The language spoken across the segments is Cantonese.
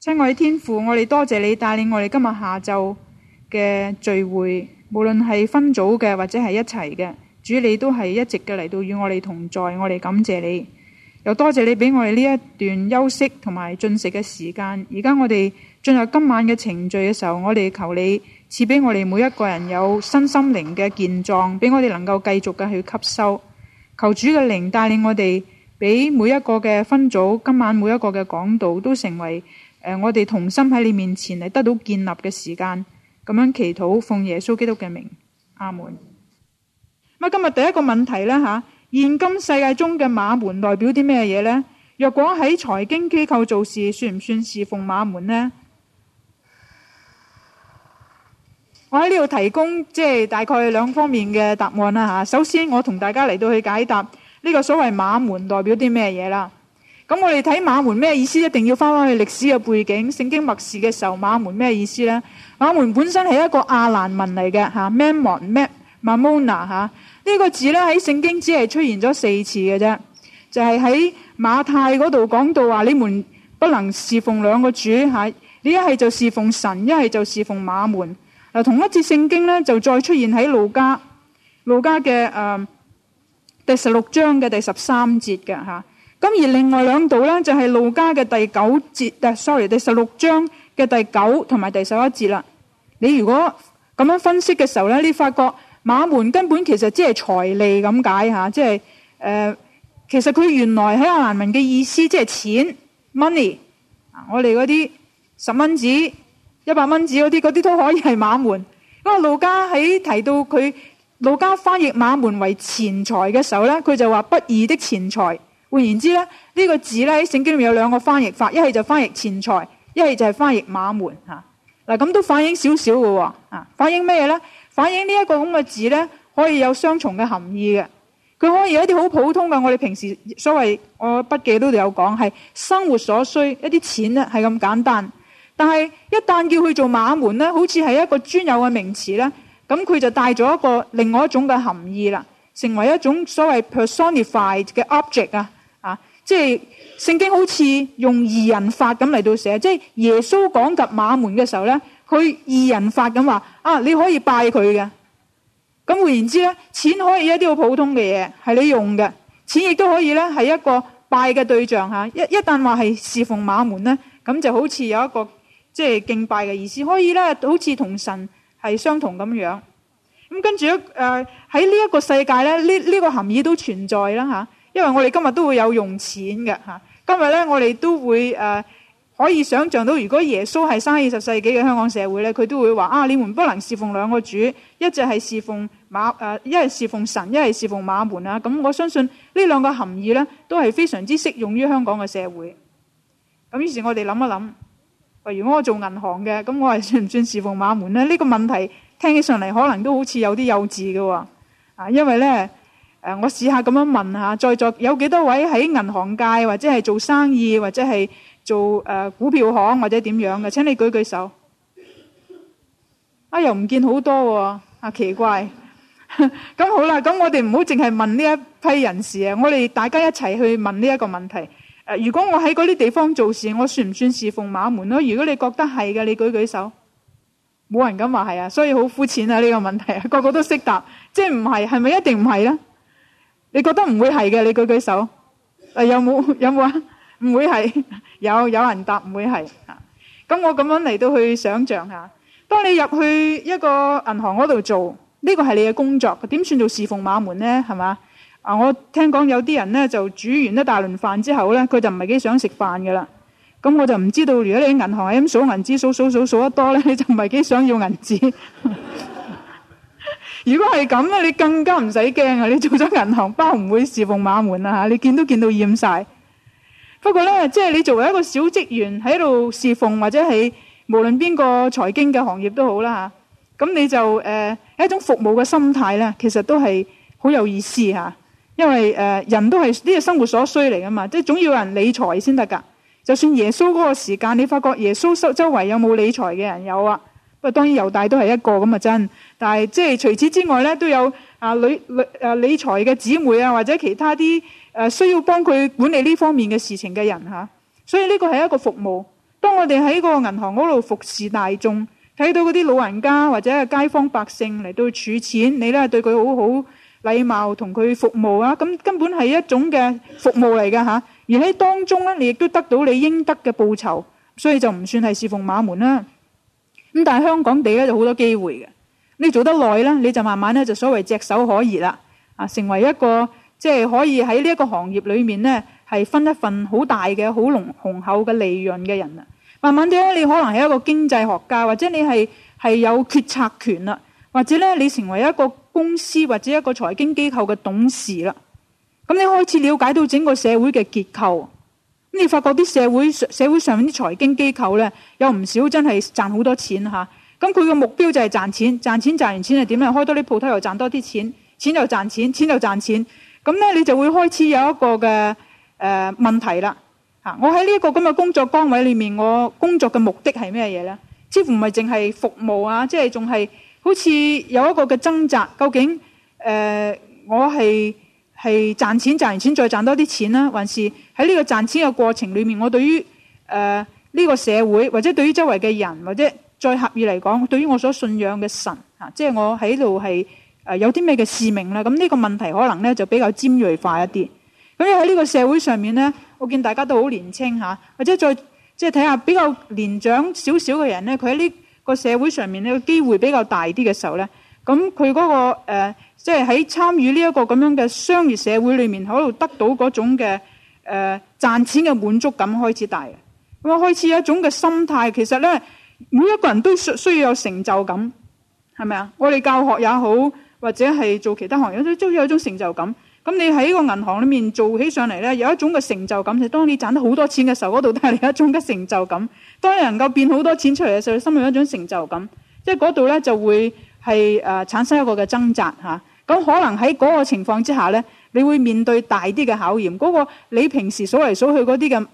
親愛的天父，我哋多謝你帶領我哋今日下晝嘅聚會，無論係分組嘅或者係一齊嘅，主你都係一直嘅嚟到與我哋同在，我哋感謝你，又多謝你俾我哋呢一段休息同埋進食嘅時間。而家我哋進入今晚嘅程序嘅時候，我哋求你賜俾我哋每一個人有身心靈嘅健壯，俾我哋能夠繼續嘅去吸收。求主嘅靈帶領我哋，俾每一個嘅分組今晚每一個嘅講道都成為，我哋同心喺你面前嚟得到建立嘅時間，咁樣祈禱奉耶穌基督嘅名，阿門。咁今日第一個問題啦吓，現今世界中嘅馬門代表啲咩嘢呢？若果喺財經機構做事，算唔算是奉馬門呢？我喺呢度提供即係大概兩方面嘅答案啦吓。首先，我同大家嚟到去解答呢個所謂馬門代表啲咩嘢啦。咁我哋睇馬門咩意思？一定要翻翻去歷史嘅背景。聖經默示嘅時候，馬門咩意思呢？馬門本身係一個亞蘭文嚟嘅 mamon 咩 mamonah 呢個字咧喺聖經只係出現咗四次嘅啫，就係、是、喺馬太嗰度講到話，你們不能侍奉兩個主吓你一係就侍奉神，一係就侍奉馬門。嗱同一節聖經咧就再出現喺路加路加嘅誒第十六章嘅第十三節嘅嚇。咁而另外兩度咧就係路加嘅第九節，啊，sorry，第十六章嘅第九同埋第十一節啦。你如果咁樣分析嘅時候咧，你發覺馬門根本其實只係財利咁解下，即係誒，其實佢原來喺亞蘭文嘅意思即係、就是、錢 money 啊，我哋嗰啲十蚊紙、一百蚊紙嗰啲，嗰啲都可以係馬門。咁啊，路加喺提到佢路加翻譯馬門為錢財嘅時候咧，佢就話不義的錢財。換言之咧，呢個字咧喺聖經裏面有兩個翻譯法，一係就翻譯錢財，一係就係翻譯馬門吓。嗱咁都反映少少嘅喎啊！反映咩咧？反映呢一個咁嘅字咧，可以有雙重嘅含義嘅。佢可以有一啲好普通嘅，我哋平時所謂我筆記都有講，係生活所需一啲錢咧，係咁簡單。但係一旦叫佢做馬門咧，好似係一個專有嘅名詞咧，咁佢就帶咗一個另外一種嘅含義啦，成為一種所謂 personified 嘅 object 啊。即係聖經好似用擬人法咁嚟到寫，即係耶穌講及馬門嘅時候咧，佢擬人法咁話：啊，你可以拜佢嘅。咁換言之咧，錢可以有一啲好普通嘅嘢係你用嘅，錢亦都可以咧係一個拜嘅對象嚇。一一旦話係侍奉馬門咧，咁就好似有一個即係、就是、敬拜嘅意思，可以咧好似同神係相同咁樣。咁跟住咧喺呢一個世界咧，呢、這、呢、個這個含義都存在啦、啊因為我哋今日都會有用錢嘅吓今日咧我哋都會誒、呃、可以想像到，如果耶穌係生二十世紀嘅香港社會咧，佢都會話啊，你們不能侍奉兩個主，一隻係侍奉馬、誒、一係侍奉神，一係侍奉馬門啊！咁我相信呢兩個含義咧，都係非常之適用於香港嘅社會。咁於是我想想，我哋諗一諗，喂，如果我做銀行嘅，咁我係算唔算侍奉馬門咧？呢、這個問題聽起上嚟，可能都好似有啲幼稚嘅喎啊！因為咧。誒，我試下咁樣問下，在座有幾多位喺銀行界或者係做生意或者係做誒、呃、股票行或者點樣嘅？請你舉舉手。哎、啊，又唔見好多喎，啊奇怪。咁 好啦，咁我哋唔好淨係問呢一批人士啊，我哋大家一齊去問呢一個問題。誒、呃，如果我喺嗰啲地方做事，我算唔算侍奉馬門咯？如果你覺得係嘅，你舉舉手。冇人敢話係啊，所以好膚淺啊呢、這個問題，個個都識答，即係唔係，係咪一定唔係咧？你覺得唔會係嘅？你舉舉手，誒有冇，有冇有冇啊？唔會係，有有人答唔會係啊？咁我咁樣嚟，到去想象下，當你入去一個銀行嗰度做呢，呢個係你嘅工作，點算做侍奉馬門呢？係嘛？啊，我聽講有啲人呢就煮完一大輪飯之後呢，佢就唔係幾想食飯噶啦。咁我就唔知道，如果你喺銀行係咁數銀紙，數數數數得多呢，你就唔係幾想要銀紙。 如果係咁咧，你更加唔使驚啊！你做咗銀行，包唔會侍奉馬門啦吓，你見都見到厭晒。不過咧，即係你作為一個小職員喺度侍奉，或者係無論邊個財經嘅行業都好啦吓。咁你就誒、呃、一種服務嘅心態咧，其實都係好有意思吓。因為誒人都係呢個生活所需嚟噶嘛，即係總要有人理財先得噶。就算耶穌嗰個時間，你發覺耶穌周周圍有冇理財嘅人有啊？當當然猶大都係一個咁啊真，但係即係除此之外咧，都有啊理理理財嘅姊妹啊，或者其他啲誒需要幫佢管理呢方面嘅事情嘅人嚇。所以呢個係一個服務。當我哋喺個銀行嗰度服侍大眾，睇到嗰啲老人家或者係街坊百姓嚟到儲錢，你咧對佢好好禮貌，同佢服務啊，咁根本係一種嘅服務嚟㗎。而喺當中咧，你亦都得到你應得嘅報酬，所以就唔算係侍奉馬門啦。咁但係香港地咧就好多機會嘅，你做得耐咧，你就慢慢咧就所謂炙手可熱啦，啊，成為一個即係、就是、可以喺呢一個行業裏面咧係分一份好大嘅好濃雄厚嘅利潤嘅人啦。慢慢地咧，你可能係一個經濟學家，或者你係係有決策權啦，或者咧你成為一個公司或者一個財經機構嘅董事啦。咁你開始了解到整個社會嘅結構。咁你發覺啲社會社會上面啲財經機構咧，有唔少真係賺好多錢嚇。咁佢個目標就係賺錢，賺錢賺完錢係點咧？開多啲鋪頭又賺多啲錢，錢又賺錢，錢又賺錢。咁咧，你就會開始有一個嘅誒問題啦。嚇，我喺呢一個咁嘅工作崗位裏面，我工作嘅目的係咩嘢咧？似乎唔係淨係服務啊，即係仲係好似有一個嘅掙扎。究竟誒、呃，我係？係賺錢賺完錢再賺多啲錢啦，還是喺呢個賺錢嘅過程裡面，我對於誒呢個社會，或者對於周圍嘅人，或者再合意嚟講，對於我所信仰嘅神嚇、啊，即係我喺度係誒有啲咩嘅使命啦。咁呢個問題可能咧就比較尖銳化一啲。咁喺呢個社會上面咧，我見大家都好年青嚇、啊，或者再即係睇下比較年長少少嘅人咧，佢喺呢個社會上面呢個機會比較大啲嘅時候咧。咁佢嗰個誒，即係喺參與呢一個咁樣嘅商業社會裏面，喺度得到嗰種嘅誒、呃、賺錢嘅滿足感開始大嘅，咁啊開始有一種嘅心態，其實咧，每一個人都需需要有成就感，係咪啊？我哋教學也好，或者係做其他行業都都要有一種成就感。咁你喺個銀行裏面做起上嚟咧，有一種嘅成就感。就是，當你賺得好多錢嘅時候，嗰度都係一種嘅成就感。當你能夠變好多錢出嚟嘅時候，心裏有一種成就感。即係嗰度咧就會。係誒、呃，產生一個嘅掙扎吓，咁、啊、可能喺嗰個情況之下咧，你會面對大啲嘅考驗。嗰、那個你平時數嚟數去嗰啲嘅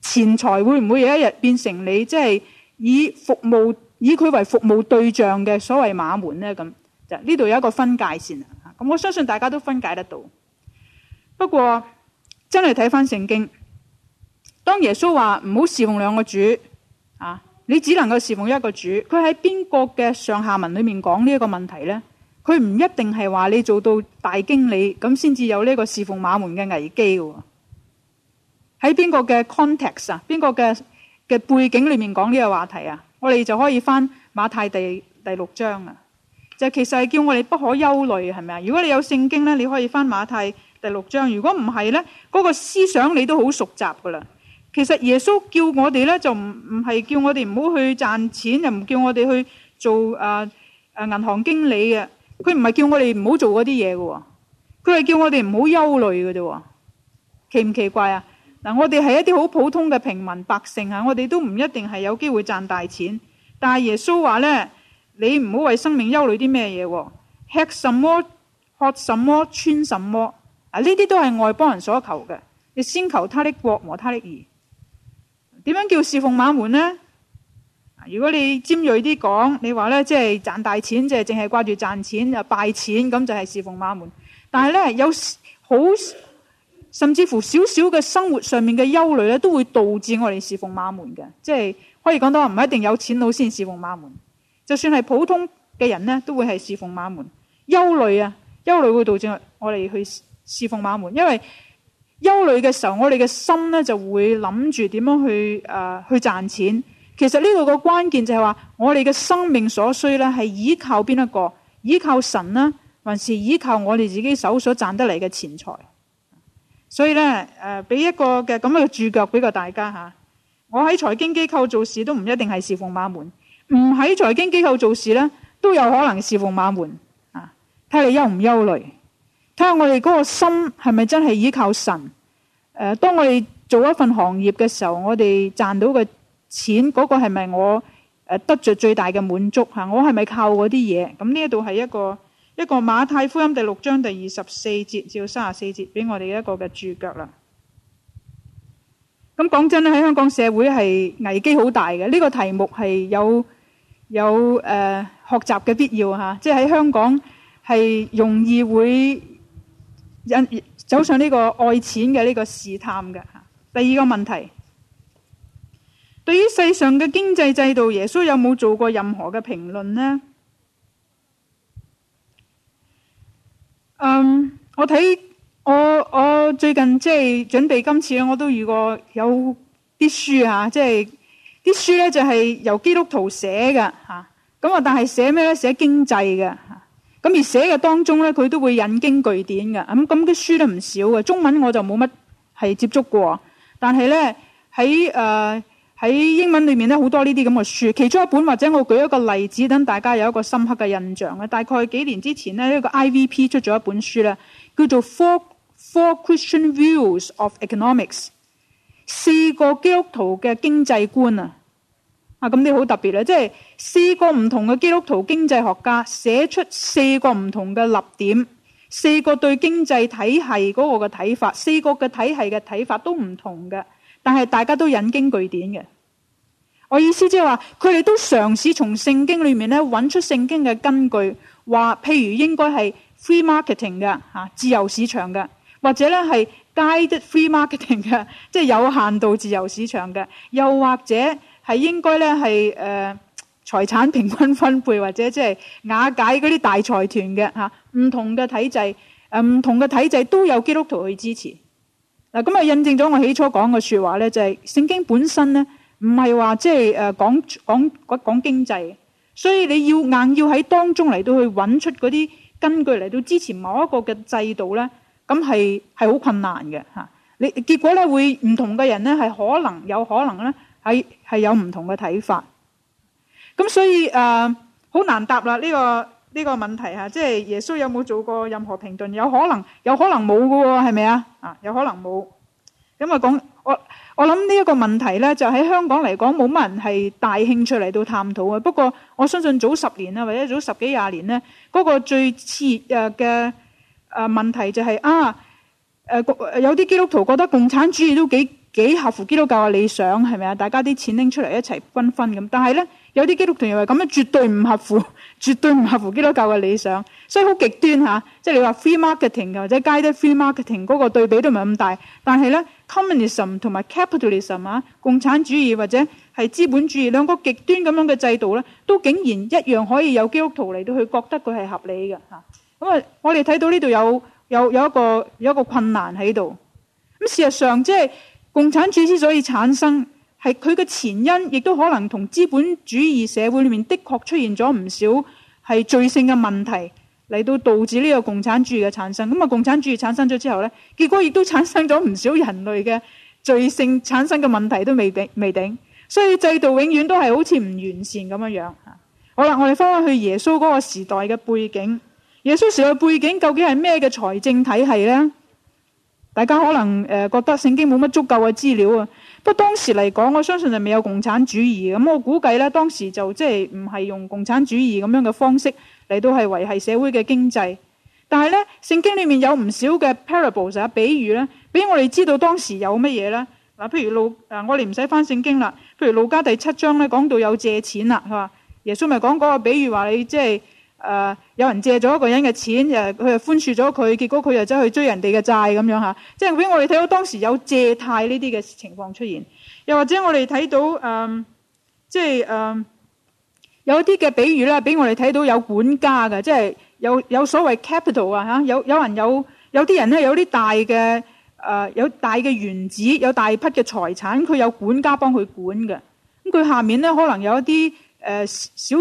錢財，會唔會有一日變成你即係、就是、以服務以佢為服務對象嘅所謂馬門咧？咁就呢度有一個分界線啦。咁、啊、我相信大家都分解得到。不過真係睇翻聖經，當耶穌話唔好侍奉兩個主啊。你只能夠侍奉一個主，佢喺邊個嘅上下文裏面講呢一個問題呢？佢唔一定係話你做到大經理咁先至有呢一個侍奉馬門嘅危機喎。喺邊個嘅 context 啊？邊個嘅嘅背景裏面講呢個話題啊？我哋就可以翻馬太第第六章啊。就其實係叫我哋不可憂慮，係咪啊？如果你有聖經呢，你可以翻馬太第六章。如果唔係呢，嗰個思想你都好熟習噶啦。其實耶穌叫我哋咧就唔唔係叫我哋唔好去賺錢，又唔叫我哋去做誒誒、啊啊、銀行經理嘅。佢唔係叫我哋唔好做嗰啲嘢嘅，佢係叫我哋唔好憂慮嘅啫。奇唔奇怪啊？嗱，我哋係一啲好普通嘅平民百姓吓，我哋都唔一定係有機會賺大錢。但係耶穌話咧，你唔好為生命憂慮啲咩嘢，吃什麼、喝什麼、穿什麼啊？呢啲都係外邦人所求嘅。你先求他的國和他的義。點樣叫侍奉馬門呢？如果你尖銳啲講，你話咧即係賺大錢，即係淨係掛住賺錢又敗錢，咁就係侍奉馬門。但係咧有好甚至乎少少嘅生活上面嘅憂慮咧，都會導致我哋侍奉馬門嘅。即係可以講到唔一定有錢佬先侍奉馬門，就算係普通嘅人咧，都會係侍奉馬門。憂慮啊，憂慮會導致我我哋去侍奉馬門，因為，憂慮嘅時候，我哋嘅心呢就會諗住點樣去誒、呃、去賺錢。其實呢度個關鍵就係話，我哋嘅生命所需呢係依靠邊一個？依靠神呢，還是依靠我哋自己手所賺得嚟嘅錢財？所以呢，誒、呃，俾一個嘅咁樣嘅注腳俾個大家吓、啊。我喺財經機構做事都唔一定係侍奉馬門，唔喺財經機構做事呢都有可能侍奉馬門啊。睇你憂唔憂慮？睇下我哋嗰個心係咪真係依靠神？誒、呃，當我哋做一份行業嘅時候，我哋賺到嘅錢嗰、嗰個係咪我誒得着最大嘅滿足吓？我係咪靠嗰啲嘢？咁呢一度係一個一個馬太福音第六章第二十四節至到三十四節俾我哋一個嘅注腳啦。咁講真咧，喺香港社會係危機好大嘅。呢、呢個題目係有有誒、呃、學習嘅必要吓，即係喺香港係容易會走上呢個愛錢嘅呢個試探嘅吓。第二個問題，對於世上嘅經濟制度，耶穌有冇做過任何嘅評論呢？嗯，我睇我我最近即係準備今次咧，我都遇過有啲書吓，即係啲書咧就係由基督徒寫嘅吓，咁啊，但係寫咩咧？寫經濟嘅。咁而寫嘅當中咧，佢都會引經據典嘅。咁咁嘅書都唔少嘅。中文我就冇乜係接觸過，但係咧喺誒喺英文裏面咧好多呢啲咁嘅書。其中一本或者我舉一個例子，等大家有一個深刻嘅印象咧。大概幾年之前呢，一個 IVP 出咗一本書咧，叫做《Four Four Christian Views of Economics》四個基督徒嘅經濟觀啊！啊，咁啲好特別咧，即係四個唔同嘅基督徒經濟學家寫出四個唔同嘅立點，四個對經濟體係嗰個嘅睇法，四個嘅體系嘅睇法都唔同嘅，但係大家都引經據典嘅。我意思即係話，佢哋都嘗試從聖經裏面咧揾出聖經嘅根據，話譬如應該係 free marketing 嘅吓、啊，自由市場嘅，或者咧係 guided free marketing 嘅，即係有限度自由市場嘅，又或者。係應該咧，係誒財產平均分配，或者即係瓦解嗰啲大財團嘅嚇。唔同嘅體制，誒唔同嘅體制都有基督徒去支持嗱。咁啊，印證咗我起初講嘅說話咧，就係、是、聖經本身咧，唔係話即係誒講講講經濟，所以你要硬要喺當中嚟到去揾出嗰啲根據嚟到支持某一個嘅制度咧，咁係係好困難嘅嚇。你結果咧會唔同嘅人咧，係可能有可能咧。係有唔同嘅睇法，咁所以誒好、呃、難答啦呢、這個呢、這個問題吓，即、就、係、是、耶穌有冇做過任何評論？有可能，有可能冇㗎喎，係咪啊？啊，有可能冇，因為講我說我諗呢一個問題咧，就喺、是、香港嚟講冇乜人係大興趣嚟到探討啊。不過我相信早十年啊，或者早十幾廿年咧，嗰、那個最似誒嘅誒問題就係、是、啊誒、呃、有啲基督徒覺得共產主義都幾。幾合乎基督教嘅理想係咪啊？大家啲錢拎出嚟一齊均分咁，但係咧有啲基督徒以為咁樣絕對唔合乎，絕對唔合乎基督教嘅理想，所以好極端吓，啊。即係你話 free marketing 或者 guided free marketing 嗰個對比都唔係咁大，但係咧 communism 同埋 capitalism 啊，共產主義或者係資本主義兩個極端咁樣嘅制度咧，都竟然一樣可以有基督徒嚟到去覺得佢係合理嘅吓。咁啊，我哋睇到呢度有有有一個有一個困難喺度咁。事實上即係。共產主義之所以產生，係佢嘅前因，亦都可能同資本主義社會裏面的確出現咗唔少係罪性嘅問題嚟到導致呢個共產主義嘅產生。咁啊，共產主義產生咗之後呢，結果亦都產生咗唔少人類嘅罪性產生嘅問題都未定未定，所以制度永遠都係好似唔完善咁樣樣。好啦，我哋翻返去耶穌嗰個時代嘅背景，耶穌時代背景究竟係咩嘅財政體系呢？大家可能誒覺得聖經冇乜足夠嘅資料啊，不過當時嚟講，我相信就未有共產主義，咁我估計咧當時就即係唔係用共產主義咁樣嘅方式嚟到係維係社會嘅經濟。但係咧，聖經裏面有唔少嘅 parables 啊，比喻咧，俾我哋知道當時有乜嘢咧。嗱，譬如老誒，我哋唔使翻聖經啦。譬如路加第七章咧，講到有借錢啦，係咪耶穌咪講嗰個比如話你即係。誒、呃、有人借咗一個人嘅錢，誒佢就寬恕咗佢，結果佢又走去追人哋嘅債咁樣吓，即係俾我哋睇到當時有借貸呢啲嘅情況出現，又或者我哋睇到誒、呃，即係誒、呃、有啲嘅比喻啦，俾我哋睇到有管家嘅，即係有有所謂 capital 啊嚇，有有人有有啲人咧有啲大嘅誒、呃、有大嘅園子，有大批嘅財產，佢有管家幫佢管嘅，咁佢下面咧可能有一啲誒、呃、小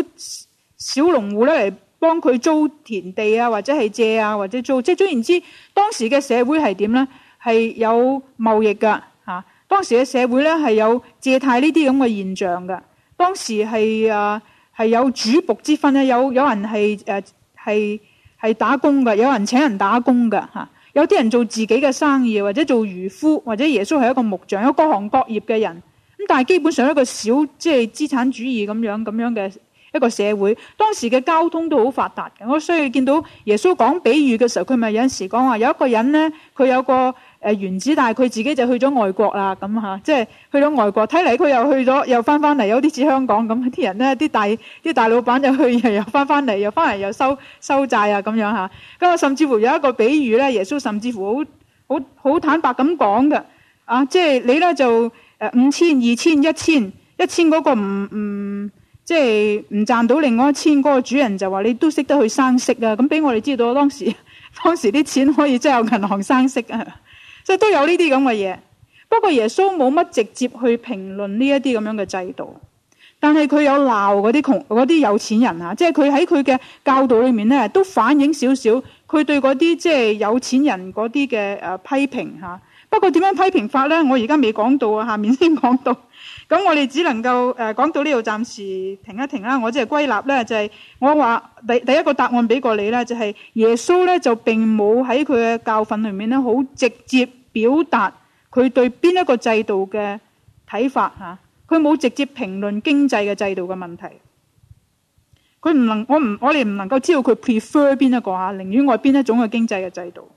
小農戶咧嚟。幫佢租田地啊，或者係借啊，或者租，即係總言之，當時嘅社會係點咧？係有貿易噶吓、啊，當時嘅社會咧係有借貸呢啲咁嘅現象嘅。當時係啊，係有主僕之分咧，有有人係誒係係打工嘅，有人請人打工嘅吓、啊，有啲人做自己嘅生意，或者做漁夫，或者耶穌係一個木匠，有各行各業嘅人。咁但係基本上一個小即係資產主義咁樣咁樣嘅。一個社會，當時嘅交通都好發達嘅。我所以見到耶穌講比喻嘅時候，佢咪有陣時講話，有一個人呢，佢有個誒園子，但係佢自己就去咗外國啦，咁吓，即係去咗外國。睇嚟佢又去咗，又翻翻嚟，有啲似香港咁啲人呢，啲大啲大老闆就去，又又翻翻嚟，又翻嚟又，又收收債啊，咁樣吓。咁啊，甚至乎有一個比喻呢，耶穌甚至乎好好好坦白咁講嘅，啊，即係你呢，就誒五千、二千、一千、一千嗰、嗰個唔唔。嗯即係唔賺到另外一千，嗰個主人就話：你都識得去生息啦、啊。咁俾我哋知道當時，當時啲錢可以真係有銀行生息啊！即係都有呢啲咁嘅嘢。不過耶穌冇乜直接去評論呢一啲咁樣嘅制度，但係佢有鬧嗰啲窮啲有錢人嚇、啊。即係佢喺佢嘅教導裏面咧，都反映少少佢對嗰啲即係有錢人嗰啲嘅誒批評嚇、啊。不過點樣批評法咧，我而家未講到啊，下面先講到。咁我哋只能夠誒講到呢度，暫時停一停啦。我即係歸納咧，就係我話第第一個答案俾過你啦，就係耶穌咧就並冇喺佢嘅教訓裏面咧，好直接表達佢對邊一個制度嘅睇法啊，佢冇直接評論經濟嘅制度嘅問題。佢唔能，我唔我哋唔能夠知道佢 prefer 邊一個嚇，寧願愛邊一種嘅經濟嘅制度。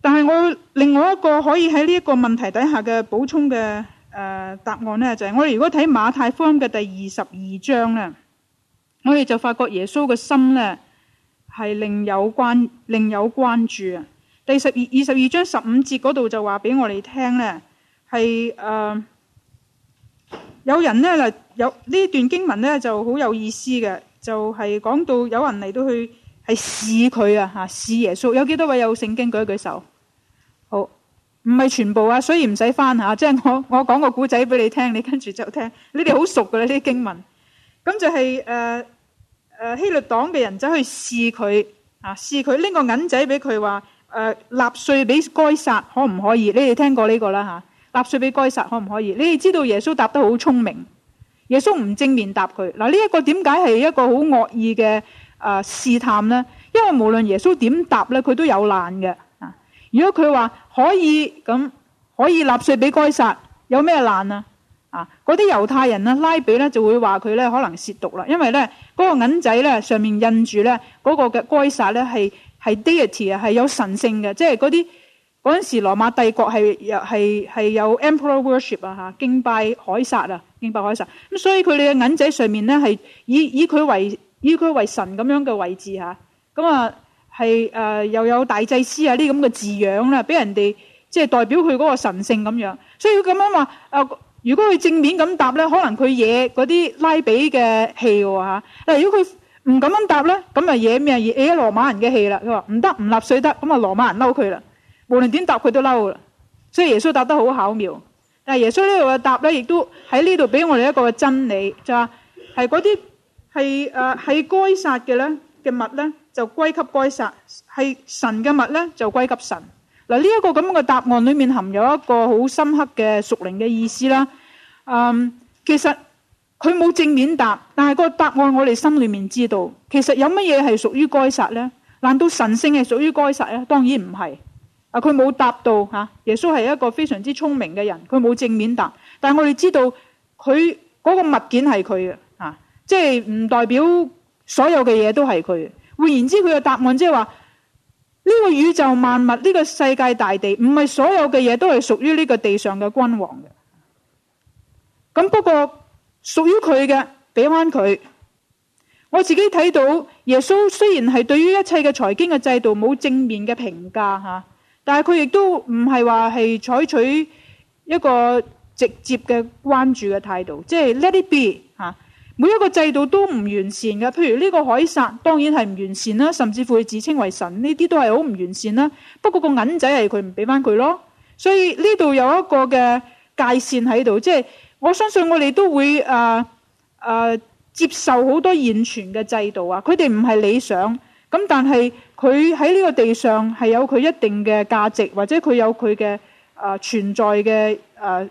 但係我另外一個可以喺呢一個問題底下嘅補充嘅。誒、uh, 答案咧就係、是、我哋如果睇馬太福音嘅第二十二章咧，我哋就發覺耶穌嘅心咧係另有關另有關注啊！第十二二十二章十五節嗰度就話俾我哋聽咧，係誒、呃、有人咧有呢段經文咧就好有意思嘅，就係、是、講到有人嚟到去係試佢啊吓試耶穌，有幾多位有聖經舉一舉手？唔係全部啊，所以唔使翻吓。即係我我講個古仔俾你聽，你跟住就聽。你哋好熟噶啦呢啲經文。咁就係誒誒，希律黨嘅人走去試佢啊，試佢拎個銀仔俾佢話誒，納稅俾該撒可唔可以？你哋聽過呢個啦吓，納稅俾該撒可唔可以？你哋知道耶穌答得好聰明，耶穌唔正面答佢嗱。呢一個點解係一個好惡意嘅誒試探咧？因為無論耶穌點答咧，佢都有難嘅啊。如果佢話，可以咁，可以納稅俾該撒，有咩難啊？啊，嗰啲猶太人啦，拉比咧就會話佢咧可能褻瀆啦，因為咧嗰、嗰個銀仔咧上面印住咧嗰個嘅該撒咧係係 deity 啊，係有神性嘅。即係嗰啲嗰陣時羅馬帝國係又係係有 emperor worship 啊嚇，敬拜凱撒啊，敬拜凱撒。咁、啊啊、所以佢哋嘅銀仔上面咧係以以佢為以佢為神咁樣嘅位置嚇，咁啊。啊係誒、呃，又有大祭司啊啲咁嘅字樣啦，俾人哋即係代表佢嗰個神性咁樣，所以佢咁樣話誒、呃，如果佢正面咁答咧，可能佢惹嗰啲拉比嘅氣喎。啊，但嗱，如果佢唔咁樣答咧，咁啊惹咩啊惹羅馬人嘅氣啦。佢話唔得唔納稅得，咁啊，羅馬人嬲佢啦。無論點答佢都嬲啦。所以耶穌答得好巧妙，但係耶穌呢度嘅答咧，亦都喺呢度俾我哋一個真理，就係係嗰啲係誒係該撒嘅咧嘅物咧。就歸給該撒，係神嘅物咧就歸給神。嗱，呢一個咁嘅答案裏面含有一個好深刻嘅屬靈嘅意思啦。嗯，其實佢冇正面答，但係個答案我哋心裏面知道。其實有乜嘢係屬於該撒呢？難道神聖係屬於該撒呢？當然唔係。啊，佢冇答到嚇。耶穌係一個非常之聰明嘅人，佢冇正面答，但係我哋知道佢嗰、那個物件係佢嘅嚇，即係唔代表所有嘅嘢都係佢。換言之，佢嘅答案即係話：呢個宇宙萬物，呢個世界大地，唔係所有嘅嘢都係屬於呢個地上嘅君王嘅。咁不過屬於佢嘅，俾翻佢。我自己睇到耶穌雖然係對於一切嘅財經嘅制度冇正面嘅評價吓，但係佢亦都唔係話係採取一個直接嘅關注嘅態度，即係 Let it be。每一個制度都唔完善嘅，譬如呢個該撒當然係唔完善啦，甚至乎佢自稱為神，呢啲都係好唔完善啦。不過個銀仔係佢唔俾翻佢咯，所以呢度有一個嘅界線喺度，即係我相信我哋都會誒誒接受好多現存嘅制度啊，佢哋唔係理想，咁但係佢喺呢個地上係有佢一定嘅價值，或者佢有佢嘅誒存在嘅誒誒。呃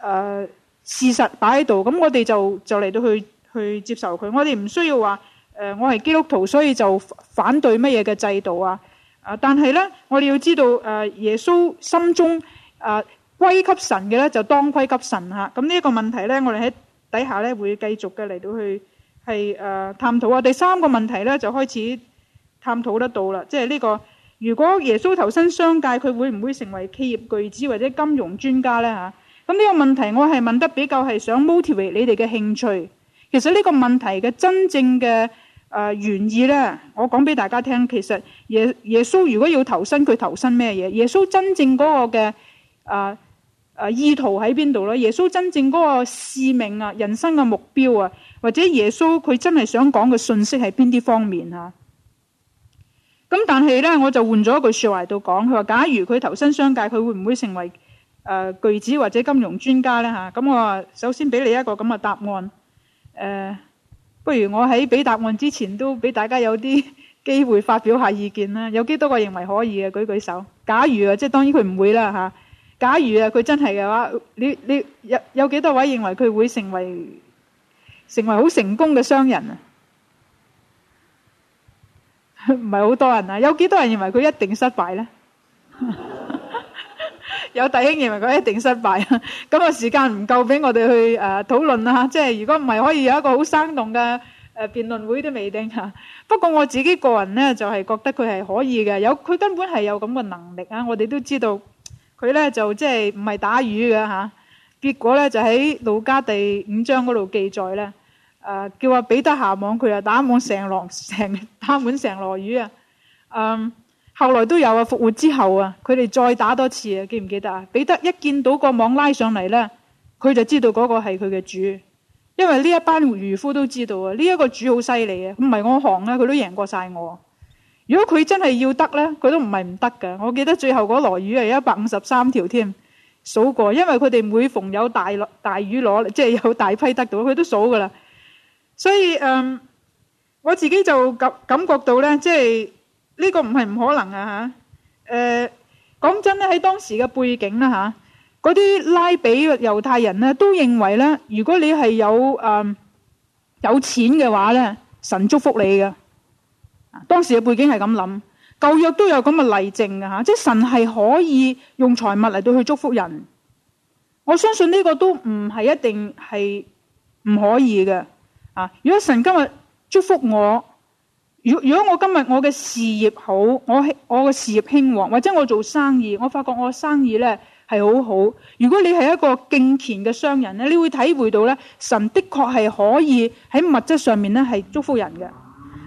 呃事實擺喺度，咁我哋就就嚟到去去接受佢。我哋唔需要話誒、呃，我係基督徒，所以就反對乜嘢嘅制度啊！啊、呃，但係呢，我哋要知道誒、呃，耶穌心中誒歸給神嘅呢，就當歸給神嚇。咁呢一個問題呢，我哋喺底下呢會繼續嘅嚟到去係誒、呃、探討啊。第三個問題呢，就開始探討得到啦，即係呢、這個如果耶穌投身商界，佢會唔會成為企業巨子或者金融專家呢？嚇？咁呢個問題我係問得比較係想 motivate 你哋嘅興趣。其實呢個問題嘅真正嘅誒原意咧，我講俾大家聽。其實耶耶穌如果要投身，佢投身咩嘢？耶穌真正嗰個嘅誒誒意圖喺邊度咧？耶穌真正嗰個使命啊，人生嘅目標啊，或者耶穌佢真係想講嘅信息係邊啲方面啊？咁但係咧，我就換咗一句說話嚟到講，佢話：假如佢投身商界，佢會唔會成為？誒，巨子，或者金融專家咧吓，咁我首先俾你一個咁嘅答案。誒，不如我喺俾答案之前，都俾大家有啲機會發表下意見啦。有幾多個認為可以嘅，舉舉手。假如啊，即係當然佢唔會啦吓。假如啊，佢真係嘅話，你你有有幾多位認為佢會成為成為好成功嘅商人啊？唔係好多人啊，有幾多人認為佢一定失敗呢？有弟兄認為佢一定失敗啊！咁啊，時間唔夠俾我哋去誒討論啦，即係如果唔係，可以有一個好生動嘅誒辯論會都未定嚇。不過我自己個人咧，就係覺得佢係可以嘅，有佢根本係有咁嘅能力啊！我哋都知道佢咧就即係唔係打魚嘅嚇，結果咧就喺路加第五章嗰度記載咧，誒叫阿彼得下網，佢又打網成籮成攤滿成籮魚啊！嗯。後來都有啊，復活之後啊，佢哋再打多次啊，記唔記得啊？彼得一見到個網拉上嚟咧，佢就知道嗰個係佢嘅主，因為呢一班漁夫都知道啊，呢一個主好犀利啊，唔係我行咧，佢都贏過晒我。如果佢真係要得咧，佢都唔係唔得噶。我記得最後嗰攞魚係一百五十三條添，數過，因為佢哋每逢有大攞大魚攞，即係有大批得到，佢都數噶啦。所以嗯，我自己就感感覺到咧，即係。呢個唔係唔可能啊吓，誒、呃，講真咧,喺當時嘅背景啦吓，嗰啲拉比嘅猶太人咧都認為咧，如果你係有誒、呃、有錢嘅話咧，神祝福你嘅。當時嘅背景係咁諗，舊約都有咁嘅例證嘅吓，即係神係可以用財物嚟到去祝福人。我相信呢個都唔係一定係唔可以嘅啊！如果神今日祝福我。如果我今日我嘅事業好，我我嘅事業興旺，或者我做生意，我發覺我生意咧係好好。如果你係一個敬虔嘅商人咧，你會體會到咧，神的確係可以喺物質上面咧係祝福人嘅。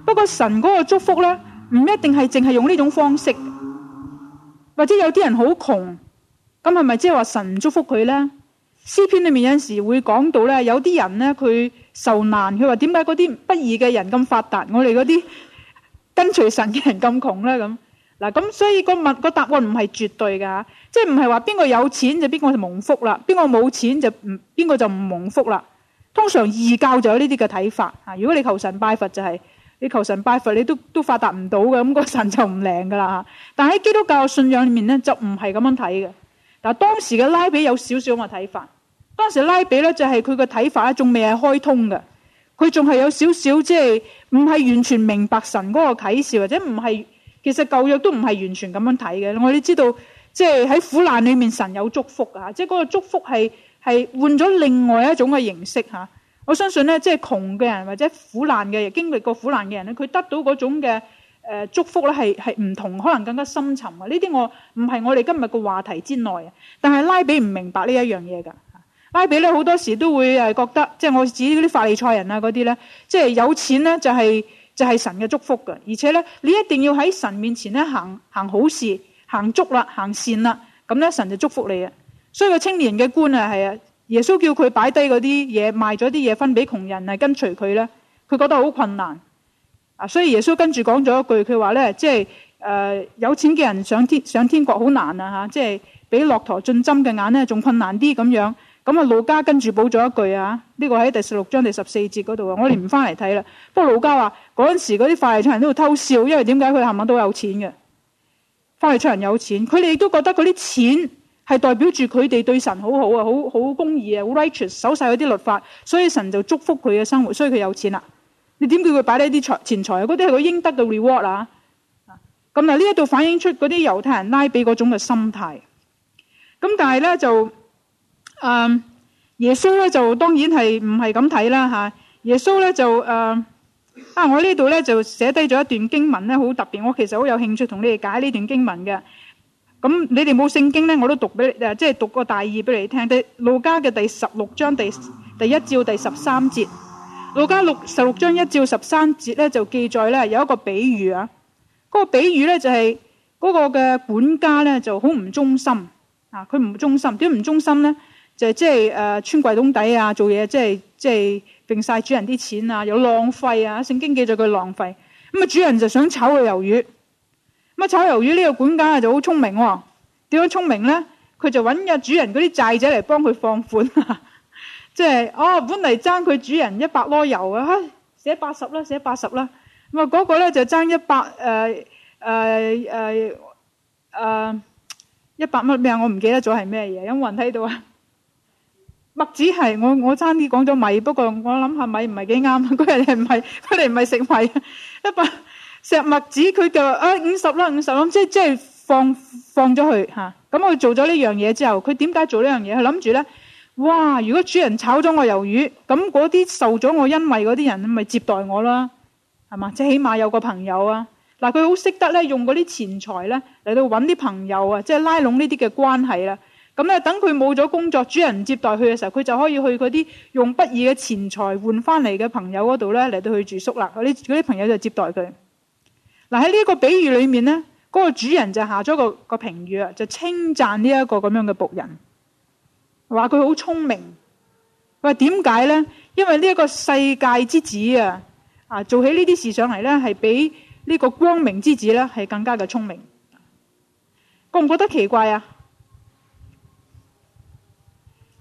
不過神嗰個祝福咧，唔一定係淨係用呢種方式，或者有啲人好窮，咁係咪即係話神唔祝福佢咧？詩篇裏面有時會講到咧，有啲人咧佢受難，佢話點解嗰啲不義嘅人咁發達，我哋嗰啲。跟隨神嘅人咁窮啦，咁嗱咁，所以、個問個答案唔係絕對噶，即係唔係話邊個有錢就邊個就蒙福啦，邊個冇錢就唔邊個就唔蒙福啦。通常異教就有呢啲嘅睇法。如果你求神拜佛就係你求神拜佛，你都都發達唔到嘅，咁、個神就唔靈噶啦。但係喺基督教嘅信仰裏面咧，就唔係咁樣睇嘅。嗱，當時嘅拉比有少少咁嘅睇法。當時拉比咧就係佢嘅睇法仲未係開通嘅。佢仲係有少少，即係唔係完全明白神嗰個啟示，或者唔係，其實舊約都唔係完全咁樣睇嘅。我哋知道，即係喺苦難裏面神有祝福啊，即係嗰個祝福係係換咗另外一種嘅形式吓。我相信呢，即係窮嘅人或者苦難嘅人，經歷過苦難嘅人咧，佢得到嗰種嘅誒，祝福咧，係係唔同，可能更加深沉啊。呢啲我唔係我哋今日個話題之內啊，但係拉比唔明白呢一樣嘢噶。拉比咧好多時都會誒覺得，即係我指嗰啲法利賽人啊嗰啲咧，即係有錢咧就係就係神嘅祝福嘅，而且咧你一定要喺神面前咧行行好事，行足啦，行善啦，咁咧神就祝福你啊。所以個青年嘅官啊係啊，耶穌叫佢擺低嗰啲嘢，賣咗啲嘢分俾窮人嚟跟隨佢咧，佢覺得好困難啊。所以耶穌跟住講咗一句，佢話咧即係誒有錢嘅人上天上天國好難啊吓，即係比駱駝進針嘅眼咧仲困難啲咁樣。咁啊，路加跟住補咗一句啊，呢個喺第十六章第十四節嗰度啊，我哋唔翻嚟睇啦。不過路加話嗰陣時，嗰啲法利賽人都度偷笑，因為點解佢下晚都有錢嘅？法利賽人有錢，佢哋亦都覺得嗰啲錢係代表住佢哋對神很好好啊，好好公義啊，好 righteous 守晒，嗰啲律法，所以神就祝福佢嘅生活，所以佢有錢啦。你點叫佢擺呢啲財錢財啊？嗰啲係佢應得嘅 reward 啊。咁啊，呢一度反映出嗰啲猶太人拉比嗰種嘅心態。咁但係咧就。嗯，um, 耶穌咧就當然係唔係咁睇啦嚇。耶穌咧就誒，啊我呢度咧就寫低咗一段經文咧，好特別。我其實好有興趣同你哋解呢段經文嘅。咁你哋冇聖經咧，我都讀俾，即係讀個大意俾你聽。第路加嘅第十六章第第一至第十三節，路加六十六章一至十三節咧就記載咧有一個比喻啊。嗰個比喻咧就係嗰個嘅管家咧就好唔忠心啊，佢唔忠心點解唔忠心咧？就即係誒穿櫃桶底啊，做嘢即係即係並曬主人啲錢啊，又浪費啊！聖經記著佢浪費，咁啊主人就想炒佢魷魚。咁啊炒魷魚呢個管家啊就好聰明喎、哦，點樣聰明咧？佢就揾個主人嗰啲債者嚟幫佢放款。即係、就是、哦，本嚟爭佢主人一百簍油啊，寫八十啦，寫八十啦。咁啊嗰個咧就爭一百誒誒誒誒一百蚊咩啊？我唔記得咗係咩嘢，因為有冇人睇到啊。麥子係我我差啲講咗米，不過我諗下米唔係幾啱，佢哋唔係佢哋唔係食米，一百石麥子佢就啊五十啦五十啦，即係即係放放咗去吓。咁、啊、我做咗呢樣嘢之後，佢點解做呢樣嘢？佢諗住咧，哇！如果主人炒咗我魷魚，咁嗰啲受咗我恩惠嗰啲人咪接待我啦，係嘛？即係起碼有個朋友啊。嗱，佢好識得咧用嗰啲錢財咧嚟到搵啲朋友啊，即係拉攏呢啲嘅關係啦。咁咧，等佢冇咗工作，主人唔接待佢嘅時候，佢就可以去嗰啲用不義嘅錢財換翻嚟嘅朋友嗰度咧，嚟到去住宿啦。嗰啲啲朋友就接待佢。嗱喺呢一個比喻裏面咧，嗰、嗰個主人就下咗個個評語啊，就稱讚呢一個咁樣嘅僕人，話佢好聰明。話點解咧？因為呢一個世界之子啊，啊，做起呢啲事上嚟咧，係比呢個光明之子咧，係更加嘅聰明。覺唔覺得奇怪啊？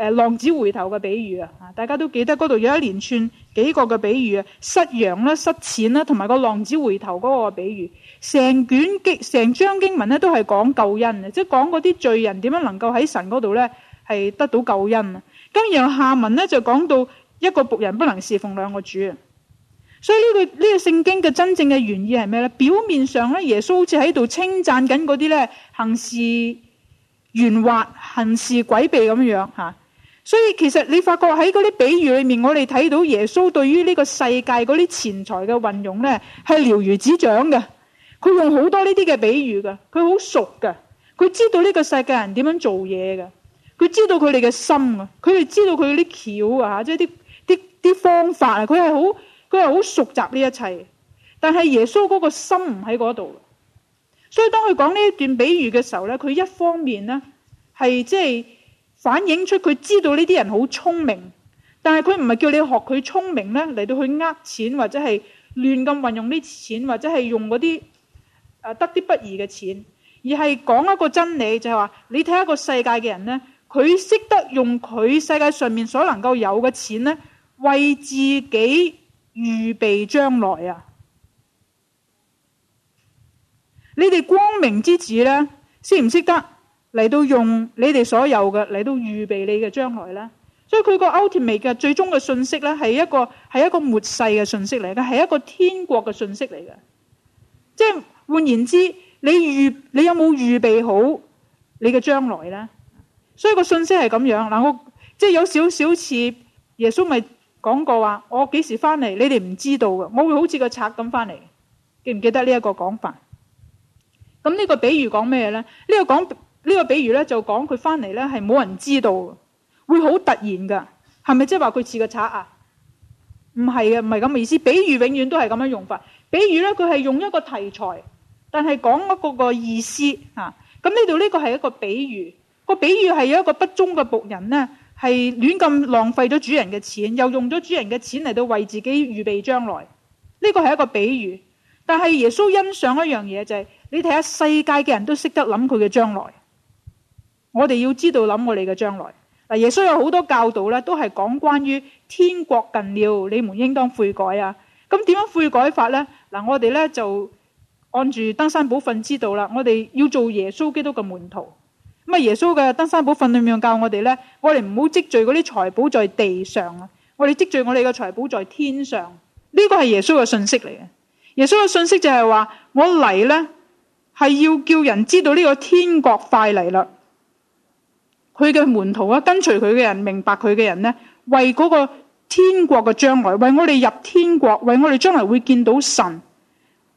誒浪子回頭嘅比喻啊，大家都記得嗰度有一連串幾個嘅比喻啊，失羊咧、失錢咧，同埋個浪子回頭嗰個比喻，成卷經、成章經文咧都係講救恩嘅，即係講嗰啲罪人點樣能夠喺神嗰度咧係得到救恩啊。咁然後下文咧就講到一個僕人不能侍奉兩個主啊。所以呢個呢個聖經嘅真正嘅原意係咩咧？表面上咧，耶穌好似喺度稱讚緊嗰啲咧行事圓滑、行事鬼秘咁樣嚇。所以其實你發覺喺嗰啲比喻裏面，我哋睇到耶穌對於呢個世界嗰啲錢財嘅運用咧，係了如指掌嘅。佢用好多呢啲嘅比喻㗎，佢好熟㗎，佢知道呢個世界人點樣做嘢㗎，佢知道佢哋嘅心啊，佢哋知道佢啲橋啊，即係啲啲啲方法啊，佢係好佢係好熟習呢一切。但係耶穌嗰個心唔喺嗰度。所以當佢講呢一段比喻嘅時候咧，佢一方面咧係即係。是就是反映出佢知道呢啲人好聰明，但係佢唔係叫你學佢聰明咧嚟到去呃錢或者係亂咁運用啲錢或者係用嗰啲啊得啲不義嘅錢，而係講一個真理就係話，你睇一個世界嘅人咧，佢識得用佢世界上面所能夠有嘅錢咧，為自己預備將來啊！你哋光明之子咧，識唔識得？嚟到用你哋所有嘅嚟到預備你嘅將來咧，所以佢個 ultimate 嘅最終嘅信息咧係一個係一個末世嘅信息嚟嘅，係一個天國嘅信息嚟嘅。即係換言之，你預你有冇預備好你嘅將來咧？所以個信息係咁樣嗱、就是，我即係有少少似耶穌咪講過話，我幾時翻嚟你哋唔知道嘅，我會好似個賊咁翻嚟，記唔記得呢一個講法？咁呢個比喻講咩咧？呢、這個講。呢個比喻咧，就講佢返嚟咧係冇人知道，會好突然噶。係咪即係話佢似個賊啊？唔係啊，唔係咁嘅意思。比喻永遠都係咁樣用法。比喻咧，佢係用一個題材，但係講嗰個個意思嚇。咁呢度呢個係一個比喻。這個比喻係有一個不忠嘅僕人呢，係亂咁浪費咗主人嘅錢，又用咗主人嘅錢嚟到為自己預備將來。呢、這個係一個比喻。但係耶穌欣賞一樣嘢就係、是，你睇下世界嘅人都識得諗佢嘅將來。我哋要知道諗我哋嘅將來嗱，耶穌有好多教導咧，都係講關於天國近了，你們應當悔改啊。咁點樣悔改法咧？嗱，我哋咧就按住登山寶訓知道啦。我哋要做耶穌基督嘅門徒咁啊。耶穌嘅登山寶訓裏面教我哋咧，我哋唔好積聚嗰啲財寶在地上啊，我哋積聚我哋嘅財寶在天上呢個係耶穌嘅信息嚟嘅。耶穌嘅信息就係話我嚟咧係要叫人知道呢個天國快嚟啦。佢嘅門徒啊，跟隨佢嘅人，明白佢嘅人呢，為嗰個天國嘅將來，為我哋入天國，為我哋將來會見到神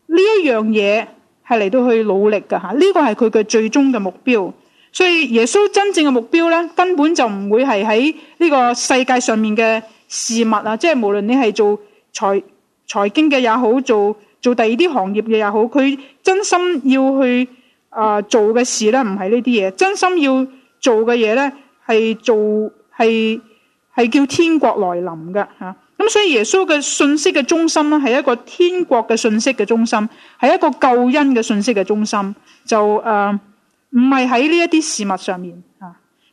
呢一樣嘢，係嚟到去努力㗎。吓。呢個係佢嘅最終嘅目標。所以耶穌真正嘅目標呢，根本就唔會係喺呢個世界上面嘅事物啊，即係無論你係做財財經嘅也好，做做第二啲行業嘅也好，佢真心要去啊、呃、做嘅事呢，唔係呢啲嘢，真心要。做嘅嘢咧，係做係係叫天國來臨嘅吓，咁所以耶穌嘅信息嘅中心咧，係一個天國嘅信息嘅中心，係一個救恩嘅信息嘅中心，就誒唔係喺呢一啲事物上面吓，